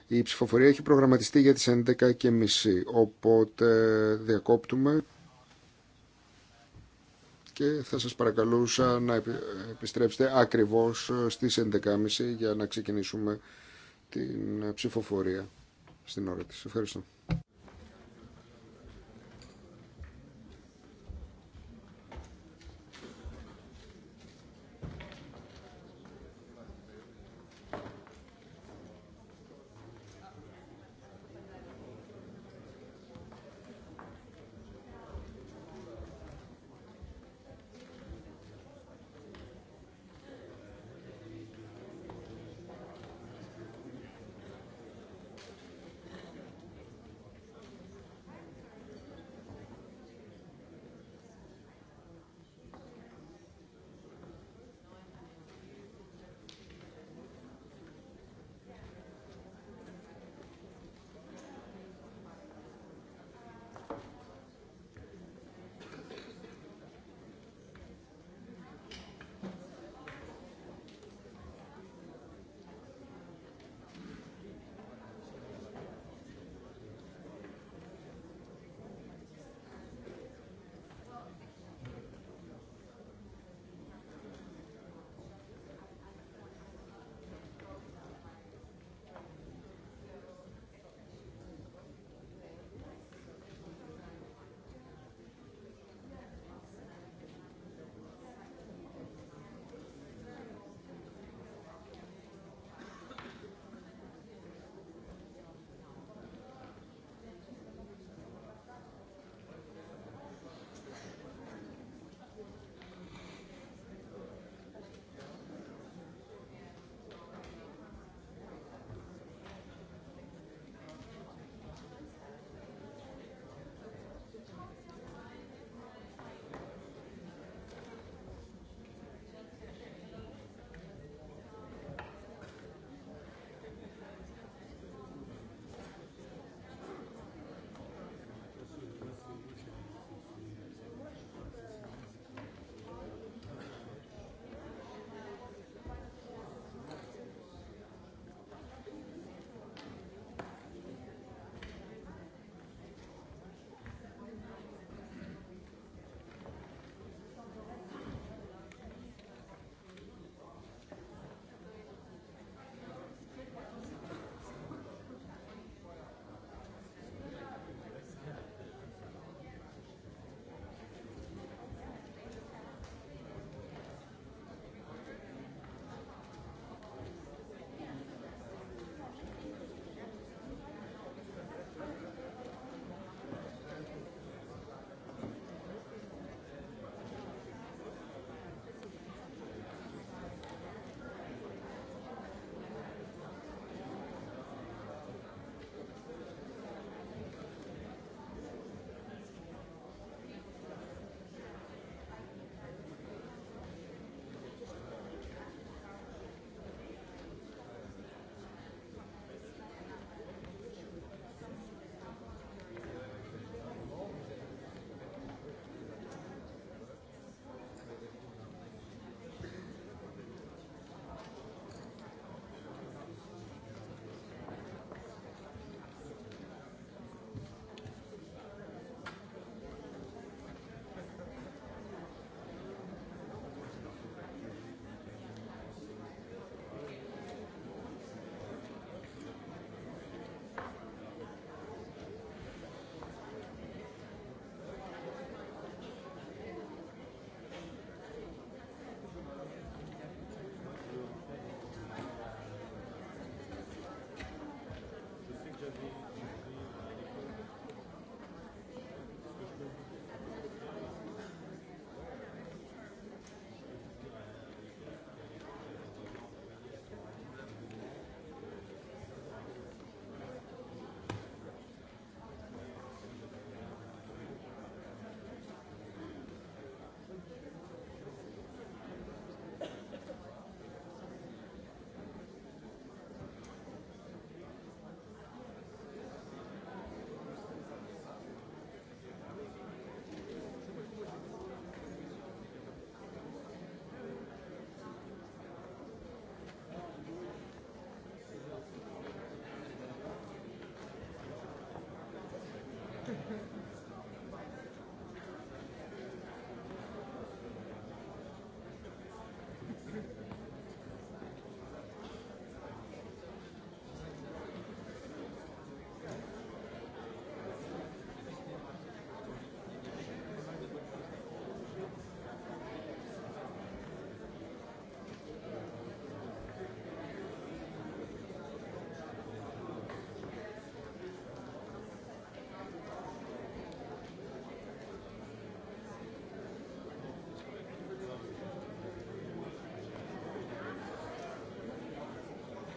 Η ψηφοφορία έχει προγραμματιστεί για τις 11.30, οπότε διακόπτουμε και θα σας παρακαλούσα να επιστρέψετε ακριβώς ε, στις 11.30 για να ξεκινήσουμε την ψηφοφορία στην ώρα της. Ευχαριστώ.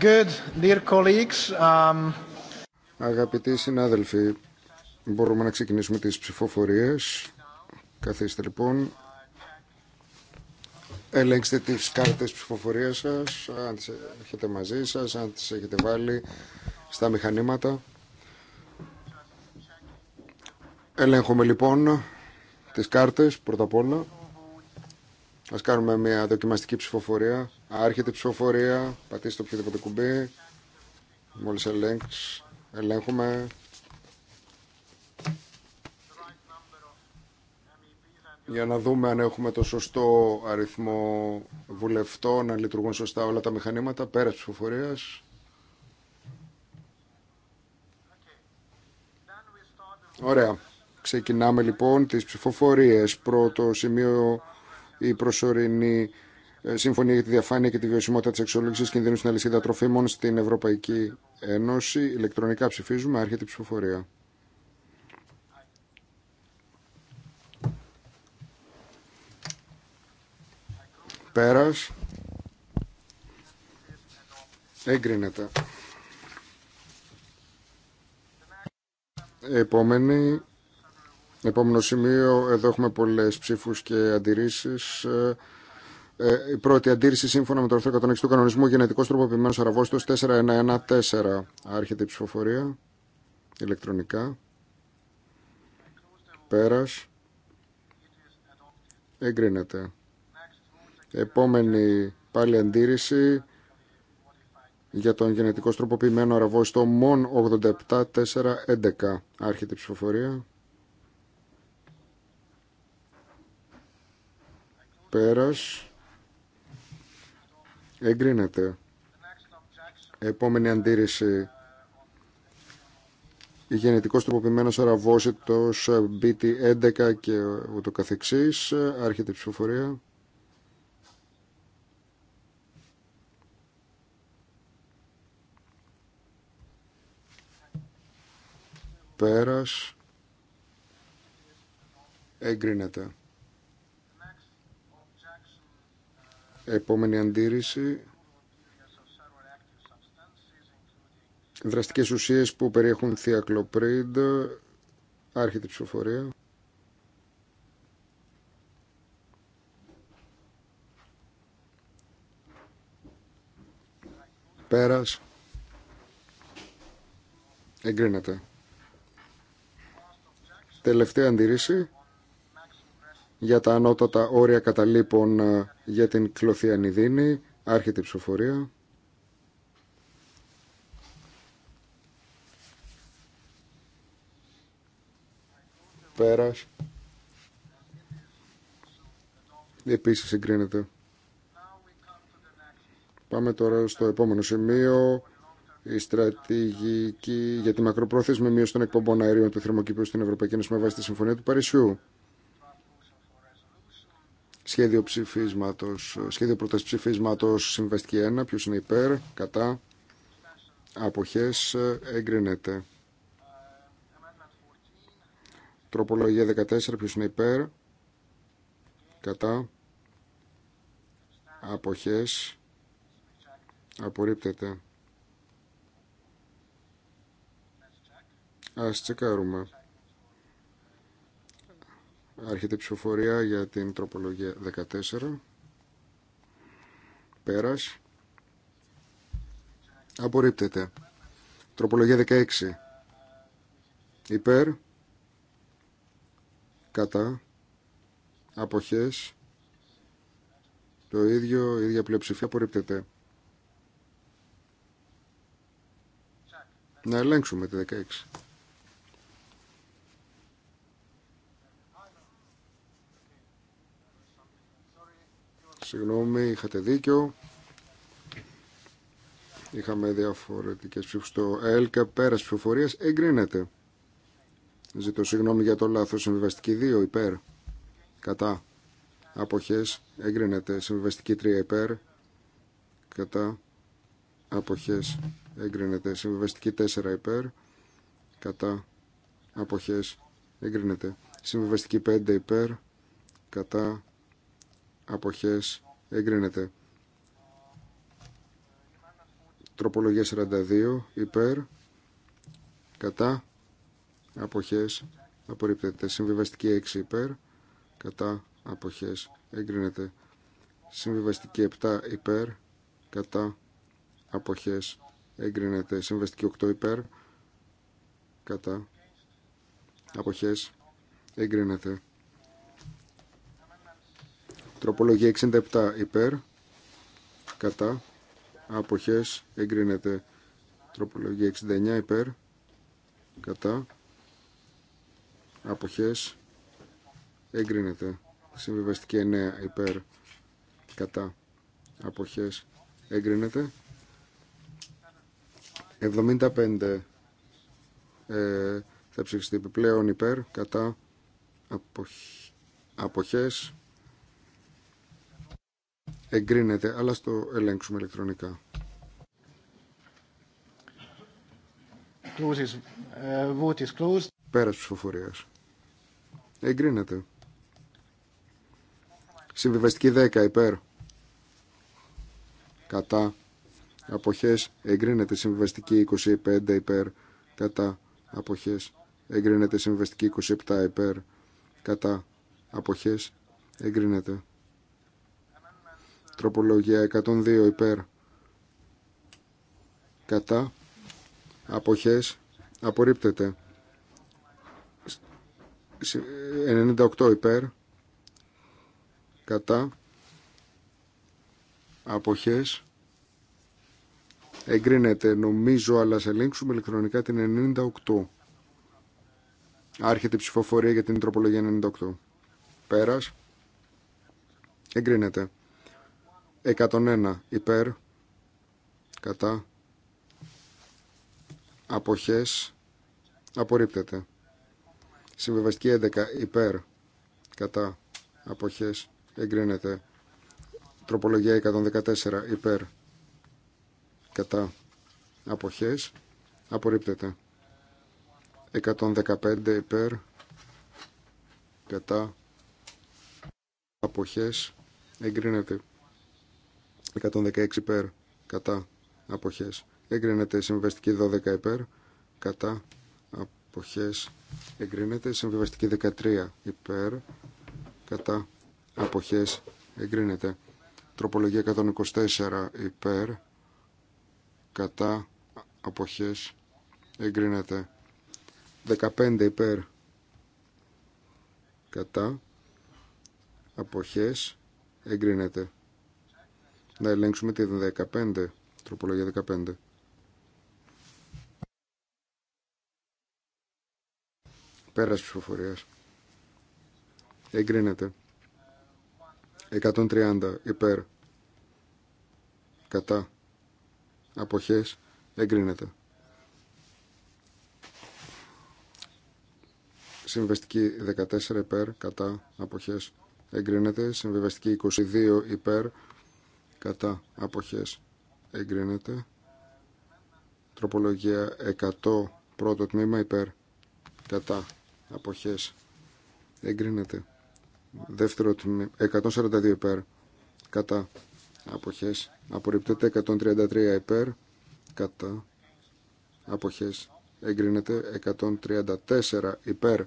Um, Αγαπητοί συνάδελφοι, μπορούμε να ξεκινήσουμε τις ψηφοφορίες. Καθίστε λοιπόν. Ελέγξτε τις κάρτες ψηφοφορίας σας, αν τις έχετε μαζί σας, αν τις έχετε βάλει στα μηχανήματα. Ελέγχουμε λοιπόν τις κάρτες πρώτα απ' όλα. Ας κάνουμε μια δοκιμαστική ψηφοφορία. Άρχεται η ψηφοφορία, πατήστε το οποιοδήποτε κουμπί. Μόλις ελέγχουμε. Για να δούμε αν έχουμε το σωστό αριθμό βουλευτών, να λειτουργούν σωστά όλα τα μηχανήματα, πέρα της ψηφοφορίας. Ωραία. Ξεκινάμε λοιπόν τις ψηφοφορίες. Πρώτο σημείο η προσωρινή ε, Συμφωνία για τη Διαφάνεια και τη Βιωσιμότητα τη Εξολόγηση Κινδύνου στην Αλυσίδα Τροφίμων στην Ευρωπαϊκή Ένωση. Ηλεκτρονικά ψηφίζουμε. Άρχεται η ψηφοφορία. Πέρας. Εγκρίνεται. Επόμενη Επόμενο σημείο, εδώ έχουμε πολλές ψήφους και αντιρρήσεις. Ε, ε, η πρώτη αντίρρηση σύμφωνα με το άρθρο 106 του κανονισμού Γενετικό τροποποιημένο αραβόστο 4114. Άρχεται η ψηφοφορία ηλεκτρονικά. Πέρας. Εγκρίνεται. Επόμενη πάλι αντίρρηση για τον γενετικό τροποποιημένο αραβόστο μον 87411. Άρχεται η ψηφοφορία. Πέρας. Εγκρίνεται. Επόμενη αντίρρηση. Η γενετικός τροποποιημένο αραβόσιτος BT11 και ούτω καθεξής. Άρχεται η ψηφοφορία. Πέρας. Εγκρίνεται. Επόμενη αντίρρηση. Δραστικές ουσίες που περιέχουν θιακλοπρίντ. Άρχεται η ψηφοφορία. Πέρας. Εγκρίνεται. Τελευταία αντίρρηση για τα ανώτατα όρια καταλήπων ε, για την κλωθιανιδίνη. Άρχεται η ψηφοφορία. Πέρας. Επίσης συγκρίνεται. Πάμε τώρα στο επόμενο σημείο. Η στρατηγική για τη μακροπρόθεσμη μείωση των εκπομπών αερίων του θερμοκηπίου στην Ευρωπαϊκή Ένωση με βάση τη Συμφωνία του Παρισιού. Σχέδιο ψηφίσματος, σχέδιο πρώτας ψηφίσματος, συμβαστική 1, ποιος είναι υπέρ, κατά, αποχές, εγκρίνεται. Τροπολογία 14, ποιος είναι υπέρ, κατά, αποχές, απορρίπτεται. Ας τσεκάρουμε. Άρχεται η ψηφοφορία για την τροπολογία 14. Πέρας. Απορρίπτεται. Τροπολογία 16. Υπέρ. Κατά. Αποχές. Το ίδιο, η ίδια πλειοψηφία απορρίπτεται. Να ελέγξουμε τη 16. Συγγνώμη, είχατε δίκιο. Είχαμε διαφορετικέ ψήφου στο ΕΛΚΑ. Πέρα ψηφοφορία εγκρίνεται. Ζητώ συγγνώμη για το λάθο. Συμβιβαστική 2 υπέρ. Κατά. Αποχέ εγκρίνεται. Συμβιβαστική 3 υπέρ. Κατά. Αποχέ εγκρίνεται. Συμβιβαστική 4 υπέρ. Κατά. Αποχέ εγκρίνεται. Συμβιβαστική 5 υπέρ. Κατά αποχές εγκρίνεται τροπολογία 42 υπέρ κατά αποχές απορρίπτεται συμβιβαστική 6 υπέρ κατά αποχές εγκρίνεται συμβιβαστική 7 υπέρ κατά αποχές εγκρίνεται συμβιβαστική 8 υπέρ κατά αποχές εγκρίνεται Τροπολογία 67 υπέρ, κατά, αποχές, εγκρίνεται. Τροπολογία 69 υπέρ, κατά, αποχές, εγκρίνεται. Συμβιβαστική 9 υπέρ, κατά, αποχές, εγκρίνεται. 75 ε, θα ψηφιστεί επιπλέον υπέρ, κατά, αποχ... αποχές, εγκρίνεται, αλλά στο ελέγξουμε ηλεκτρονικά. Closes, uh, vote is closed. Πέρας ψηφοφορίας. Εγκρίνεται. Συμβιβαστική 10 υπέρ. Κατά. Αποχές εγκρίνεται συμβιβαστική 25 υπέρ. Κατά. Αποχές εγκρίνεται συμβιβαστική 27 υπέρ. Κατά. Αποχές εγκρίνεται. Τροπολογία 102 υπέρ. Κατά. Αποχές. Απορρίπτεται. 98 υπέρ. Κατά. Αποχές. Εγκρίνεται νομίζω αλλά σε ελέγξουμε ηλεκτρονικά την 98. Άρχεται η ψηφοφορία για την τροπολογία 98. Πέρας. Εγκρίνεται. 101 υπέρ κατά αποχές απορρίπτεται Συμβεβαστική 11 υπέρ κατά αποχές εγκρίνεται τροπολογία 114 υπέρ κατά αποχές απορρίπτεται 115 υπέρ κατά αποχές εγκρίνεται 116 υπέρ κατά αποχές εγκρίνεται συμβιβαστική 12 υπέρ κατά αποχές εγκρίνεται συμβιβαστική 13 υπέρ κατά αποχές εγκρίνεται τροπολογία 124 υπέρ κατά αποχές εγκρίνεται 15 υπέρ κατά αποχές εγκρίνεται να ελέγξουμε τη 15, τροπολογία 15. Πέρας ψηφοφορίας. Εγκρίνεται. 130 υπέρ. Κατά. Αποχές. Εγκρίνεται. Συμβεστική 14 υπέρ. Κατά. Αποχές. Εγκρίνεται. Συμβεβαστική 22 υπέρ κατά αποχές εγκρίνεται τροπολογία 100 πρώτο τμήμα υπέρ κατά αποχές εγκρίνεται δεύτερο τμήμα 142 υπέρ κατά αποχές απορριπτεται 133 υπέρ κατά αποχές εγκρίνεται 134 υπέρ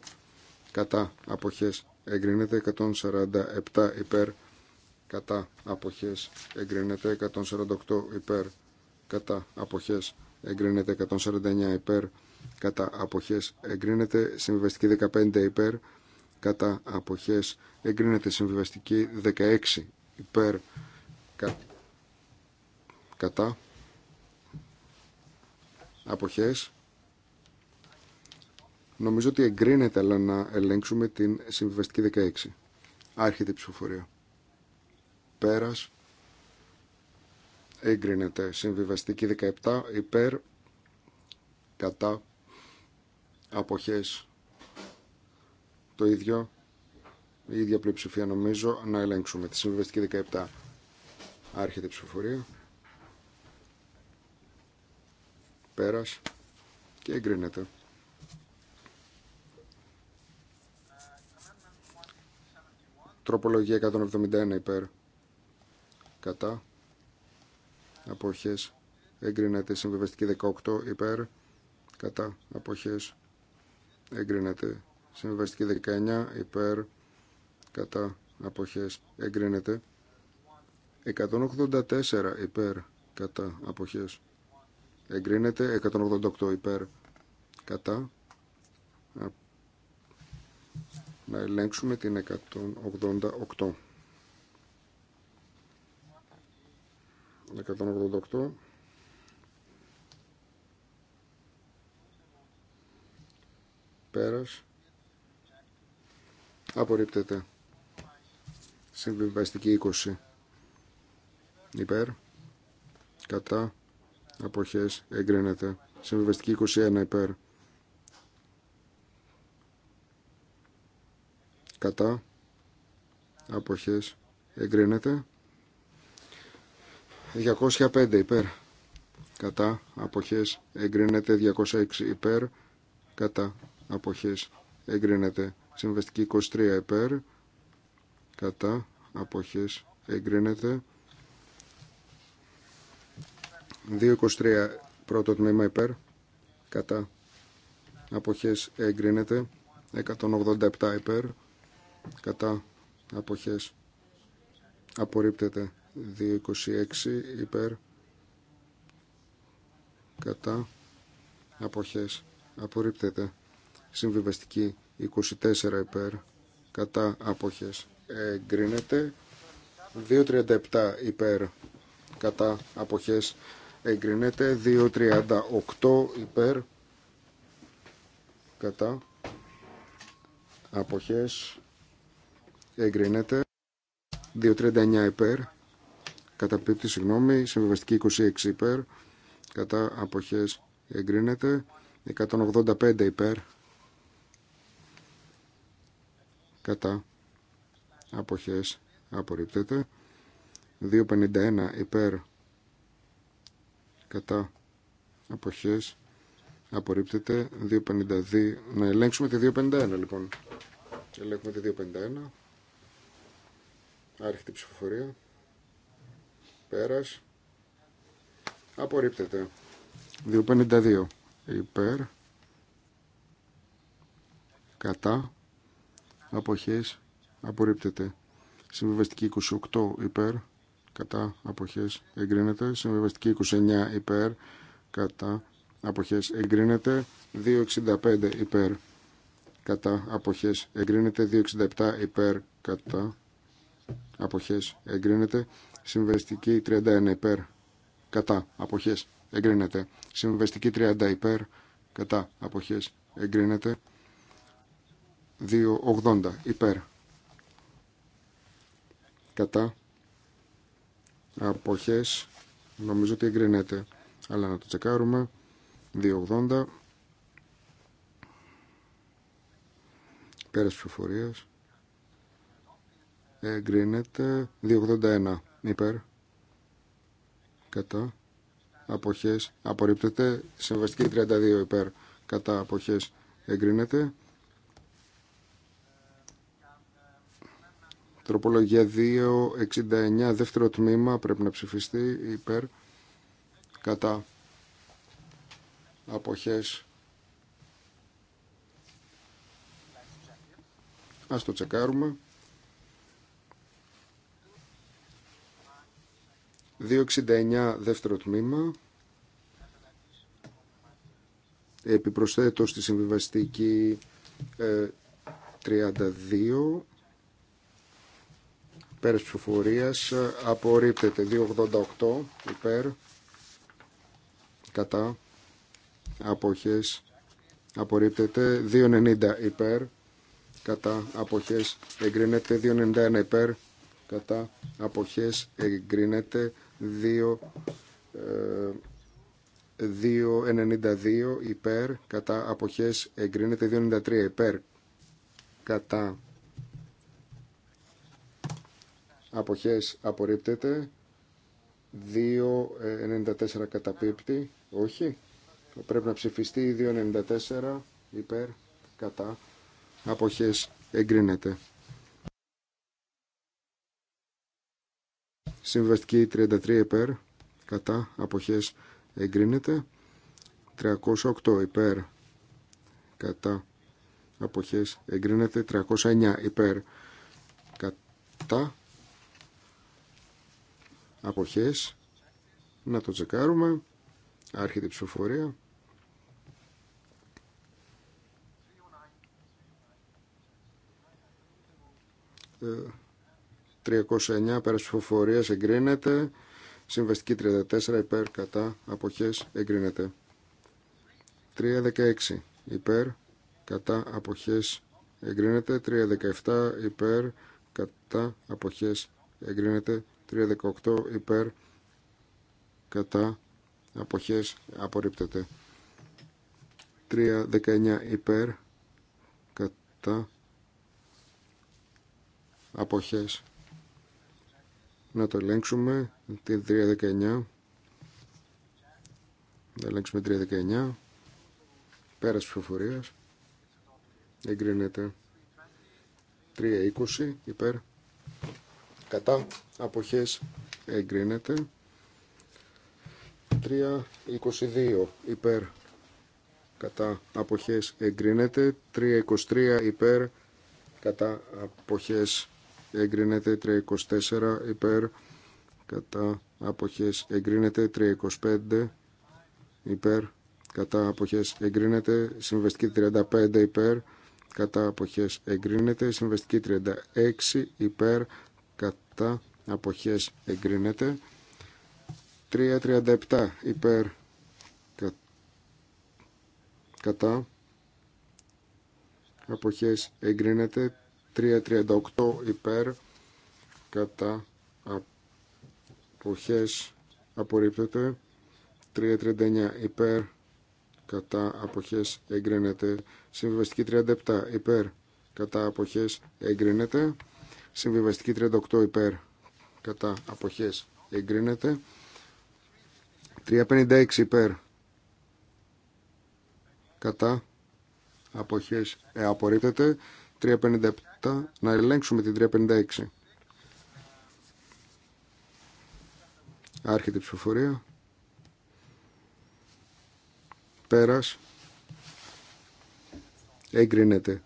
κατά αποχές εγκρίνεται 147 υπέρ κατά αποχές εγκρίνεται 148 υπέρ κατά αποχές εγκρίνεται 149 υπέρ κατά αποχές εγκρίνεται συμβιβαστική 15 υπέρ κατά αποχές εγκρίνεται συμβιβαστική 16 υπέρ κατά αποχές νομίζω ότι εγκρίνεται αλλά να ελέγξουμε την συμβιβαστική 16 άρχεται η ψηφοφορία Πέρας. Εγκρίνεται. Συμβιβαστική 17 υπέρ. Κατά. Αποχές. Το ίδιο. Η ίδια πλειοψηφία νομίζω να ελέγξουμε τη συμβιβαστική 17. Άρχεται η ψηφοφορία. Πέρας. Και εγκρίνεται. Τροπολογία 171 υπέρ κατά αποχές εγκρίνεται συμβιβαστική 18 υπέρ κατά αποχές εγκρίνεται συμβιβαστική 19 υπέρ κατά αποχές εγκρίνεται 184 υπέρ κατά αποχές εγκρίνεται 188 υπέρ κατά να ελέγξουμε την 188 188 πέρας απορρίπτεται συμβιβαστική 20 υπέρ κατά αποχές εγκρίνεται συμβιβαστική 21 υπέρ κατά αποχές εγκρίνεται 205 υπέρ κατά αποχές εγκρίνεται 206 υπέρ κατά αποχές εγκρίνεται συμβαστική 23 υπέρ κατά αποχές εγκρίνεται 223 πρώτο τμήμα υπέρ κατά αποχές εγκρίνεται 187 υπέρ κατά αποχές απορρίπτεται 226 υπέρ κατά αποχές απορρίπτεται συμβιβαστική 24 υπέρ κατά αποχές εγκρίνεται 237 υπέρ κατά αποχές εγκρίνεται 238 υπέρ κατά αποχές εγκρίνεται 239 υπέρ καταπίπτει, συγγνώμη, συμβιβαστική 26 υπέρ, κατά αποχές εγκρίνεται, 185 υπέρ, κατά αποχές απορρίπτεται, 251 υπέρ, κατά αποχές απορρίπτεται, 252, να ελέγξουμε τη 251 λοιπόν, ελέγχουμε τη 251, άρχεται η ψηφοφορία. Πέρας. Απορρίπτεται. 2.52 υπέρ. Κατά. Αποχές. Απορρίπτεται. Συμβιβαστική 28 υπέρ. Κατά. Αποχές. Εγκρίνεται. Συμβιβαστική 29 υπέρ. Κατά. Αποχές. Εγκρίνεται. 2.65 υπέρ. Κατά. Αποχές. Εγκρίνεται. 2.67 υπέρ. Κατά. Αποχές. Εγκρίνεται. Συμβεστική 31 υπέρ κατά αποχές εγκρίνεται. Συμβεστική 30 υπέρ κατά αποχές εγκρίνεται. 2.80 υπέρ κατά αποχές νομίζω ότι εγκρίνεται αλλά να το τσεκάρουμε 2.80 πέρας ψηφοφορίας εγκρίνεται 2.81 υπέρ κατά αποχές απορρίπτεται συμβαστική 32 υπέρ κατά αποχές εγκρίνεται τροπολογία 269 δεύτερο τμήμα πρέπει να ψηφιστεί υπέρ κατά αποχές ας το τσεκάρουμε 269 δεύτερο τμήμα επιπροσθέτω στη συμβιβαστική 32 ε, πέρας ψηφοφορίας ε, απορρίπτεται 288 υπέρ κατά αποχές απορρίπτεται 290 υπέρ κατά αποχές εγκρίνεται 291 υπέρ κατά αποχές εγκρίνεται 2.92 ε, υπέρ κατά αποχές εγκρίνεται 2.93 υπέρ κατά αποχές απορρίπτεται 2.94 ε, καταπίπτει όχι πρέπει να ψηφιστεί 2.94 υπέρ κατά αποχές εγκρίνεται Συμβαστική 33 υπέρ, κατά, αποχές, εγκρίνεται. 308 υπέρ, κατά, αποχές, εγκρίνεται. 309 υπέρ, κατά, αποχές. Να το τσεκάρουμε. Άρχεται η ψηφοφορία. Ε, 309 πέρα εγκρίνεται. Συμβαστική 34 υπέρ κατά αποχές εγκρίνεται. 316 υπέρ κατά αποχές εγκρίνεται. 317 υπέρ κατά αποχές εγκρίνεται. 318 υπέρ κατά αποχές απορρίπτεται. 319 υπέρ κατά αποχές να το ελέγξουμε την 319. Να ελέγξουμε 319. Πέρας ψηφοφορίας. Εγκρίνεται. 320 υπέρ. Κατά. Αποχές. Εγκρίνεται. 322 υπέρ. Κατά. Αποχές. Εγκρίνεται. 323 υπέρ. Κατά. Αποχές εγκρίνεται 324 υπέρ κατά αποχές εγκρίνεται 325 υπέρ κατά αποχές εγκρίνεται συμβεστική 35 υπέρ κατά αποχές εγκρίνεται συμβεστική 36 υπέρ κατά αποχές εγκρίνεται 337 υπέρ κα, κατά αποχές εγκρίνεται 3.38 υπέρ κατά αποχές απορρίπτεται 3.39 υπέρ κατά αποχές εγκρίνεται συμβιβαστική 37 υπέρ κατά αποχές εγκρίνεται συμβιβαστική 38 υπέρ κατά αποχές εγκρίνεται 3.56 υπέρ κατά αποχές ε, απορρίπτεται να ελέγξουμε την 356. Άρχεται η ψηφοφορία. Πέρας. Εγκρίνεται.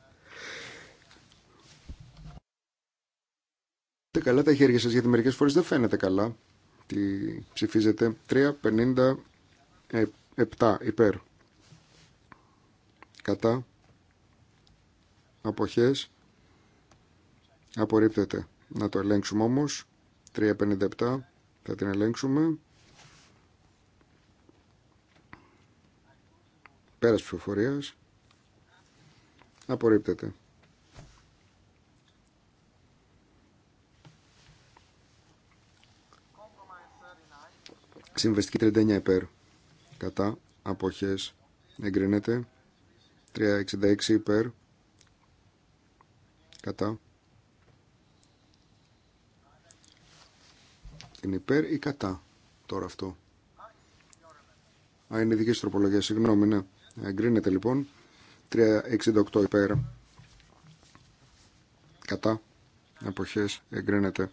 Καλά τα χέρια σας, γιατί μερικές φορές δεν φαίνεται καλά. Τι ψηφίζετε. 3,57 υπέρ. Κατά. Αποχές. Απορρίπτεται. Να το ελέγξουμε όμως. 3.57 θα την ελέγξουμε. Πέρας ψηφοφορίας. Απορρίπτεται. Συμβεστική 39 υπέρ. Κατά. Αποχές. Εγκρίνεται. 366 υπέρ. Κατά. Είναι υπέρ ή κατά τώρα αυτό. Α, είναι δική τροπολογία, συγγνώμη, ναι. Εγκρίνεται λοιπόν. 368 υπέρ. Κατά. Αποχές. Εγκρίνεται.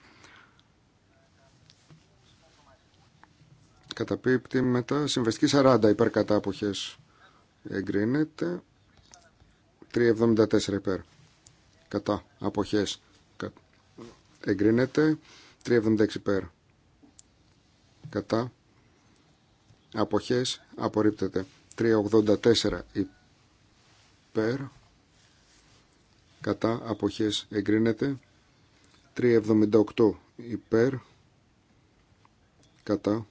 Καταπίπτει μετά. Συμβεστική 40 υπέρ κατά αποχές. Εγκρίνεται. 374 υπέρ. Κατά. Αποχές. Εγκρίνεται. 376 υπέρ κατά αποχές απορρίπτεται 384 υπέρ κατά αποχές εγκρίνεται 378 υπέρ κατά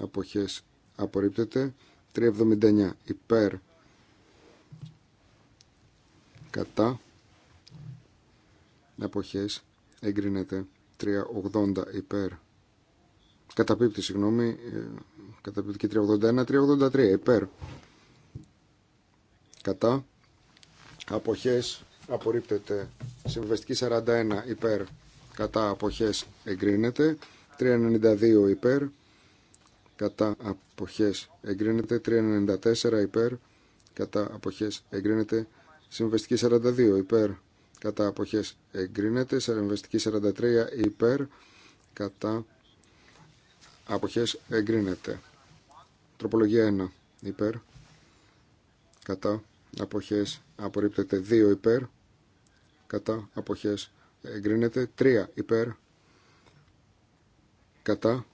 αποχές απορρίπτεται 379 υπέρ κατά αποχές εγκρίνεται 380 υπέρ Καταπίπτει, συγγνώμη. Ε, καταπίπτει και 381, 383. Υπέρ. Κατά. Αποχές. Απορρίπτεται. Συμβεστική 41. Υπέρ. Κατά. Αποχές. Εγκρίνεται. 392. Υπέρ. Κατά. Αποχές. Εγκρίνεται. 394. Υπέρ. Κατά. Αποχές. Εγκρίνεται. Συμβεστική 42. Υπέρ. Κατά. Αποχές. Εγκρίνεται. Συμβεστική 43. Υπέρ. Κατά Αποχές εγκρίνεται. Τροπολογία 1 υπέρ. Κατά. Αποχές απορρίπτεται 2 υπέρ. Κατά. Αποχές εγκρίνεται 3 υπέρ. Κατά.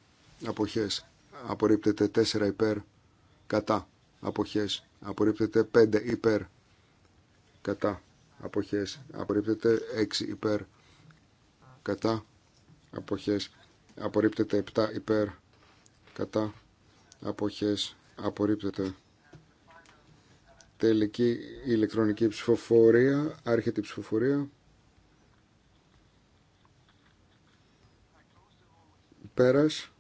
Αποχές απορρίπτεται 4 υπέρ. Κατά. Αποχές απορρίπτεται 5 υπέρ. Κατά. Αποχές απορρίπτεται 6 υπέρ. Κατά. Αποχές απορρίπτεται 7 υπέρ κατά αποχές απορρίπτεται τελική ηλεκτρονική ψηφοφορία άρχεται η ψηφοφορία πέρας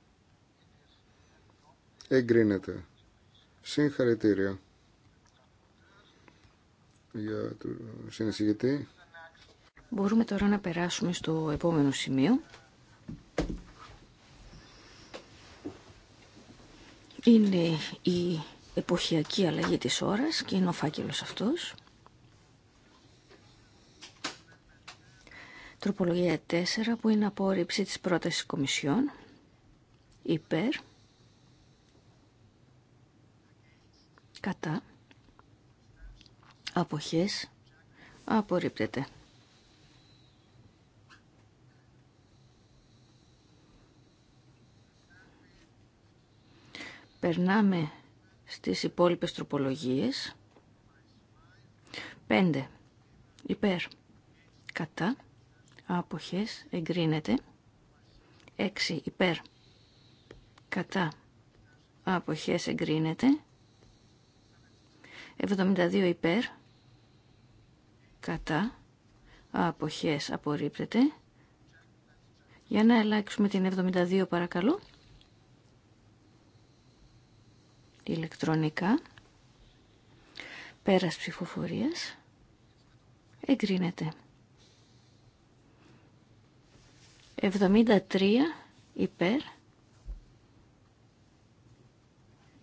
εγκρίνεται συγχαρητήρια για τον συνεισηγητή Μπορούμε τώρα να περάσουμε στο επόμενο σημείο Είναι η εποχιακή αλλαγή της ώρας και είναι ο φάκελος αυτός. Τροπολογία 4 που είναι απόρριψη της πρότασης Κομισιόν. Υπέρ. Κατά. Αποχές. Απορρίπτεται. Περνάμε στις υπόλοιπες τροπολογίες. 5. Υπέρ. Κατά. Άποχες. Εγκρίνεται. 6. Υπέρ. Κατά. Άποχες. Εγκρίνεται. 72. Υπέρ. Κατά. Αποχές απορρίπτεται. Για να αλλάξουμε την 72 παρακαλώ. ηλεκτρονικά. Πέρας ψηφοφορίας. Εγκρίνεται. 73 υπέρ.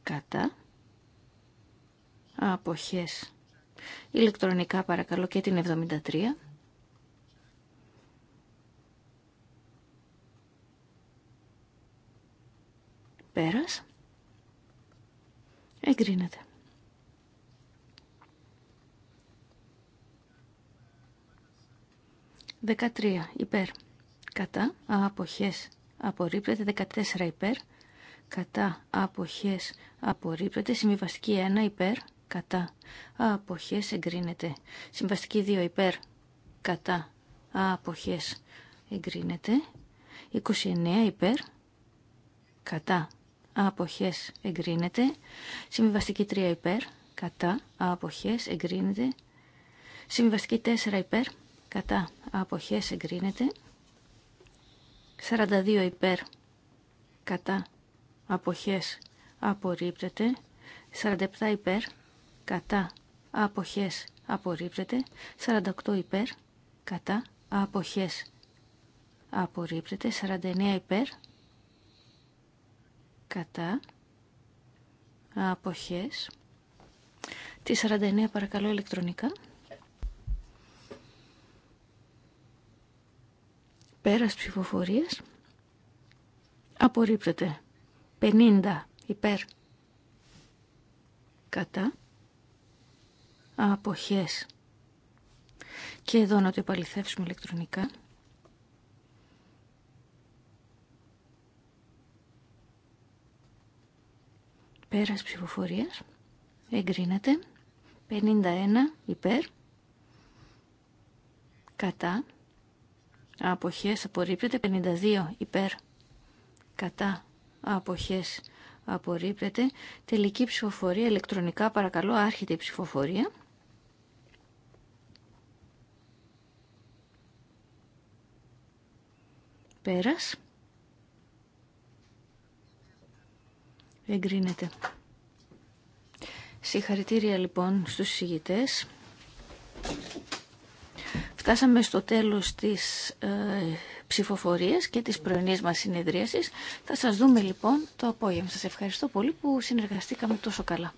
Κατά. Αποχές. Ηλεκτρονικά παρακαλώ και την 73. Πέρας. Εγκρίνεται. 13 υπέρ. Κατά αποχές απορρίπτεται. 14 υπέρ. Κατά αποχές απορρίπτεται. Συμβιβαστική 1 υπέρ. Κατά αποχές εγκρίνεται. Συμβαστική 2 υπέρ. Κατά αποχές εγκρίνεται. 29 υπέρ. Κατά αποχές εγκρίνεται. Συμβιβαστική 3 υπέρ, κατά, αποχές εγκρίνεται. Συμβιβαστική 4 υπέρ, κατά, αποχές εγκρίνεται. 42 υπέρ, κατά, αποχές απορρίπτεται. 47 υπέρ, κατά, αποχές απορρίπτεται. 48 υπέρ, κατά, αποχές απορρίπτεται. 49 υπέρ, κατά αποχές τη 49 παρακαλώ ηλεκτρονικά πέρας ψηφοφορίας απορρίπτεται 50 υπέρ κατά αποχές και εδώ να το επαληθεύσουμε ηλεκτρονικά Πέρας ψηφοφορίας. Εγκρίνεται. 51 υπέρ. Κατά. Αποχές απορρίπτεται. 52 υπέρ. Κατά. Αποχές απορρίπτεται. Τελική ψηφοφορία ηλεκτρονικά. Παρακαλώ άρχεται η ψηφοφορία. Πέρας. Εγκρίνεται. Συγχαρητήρια λοιπόν στους συζητητές. Φτάσαμε στο τέλος της ε, ψηφοφορίας και της πρωινής μας συνεδρίασης. Θα σας δούμε λοιπόν το απόγευμα. Σας ευχαριστώ πολύ που συνεργαστήκαμε τόσο καλά.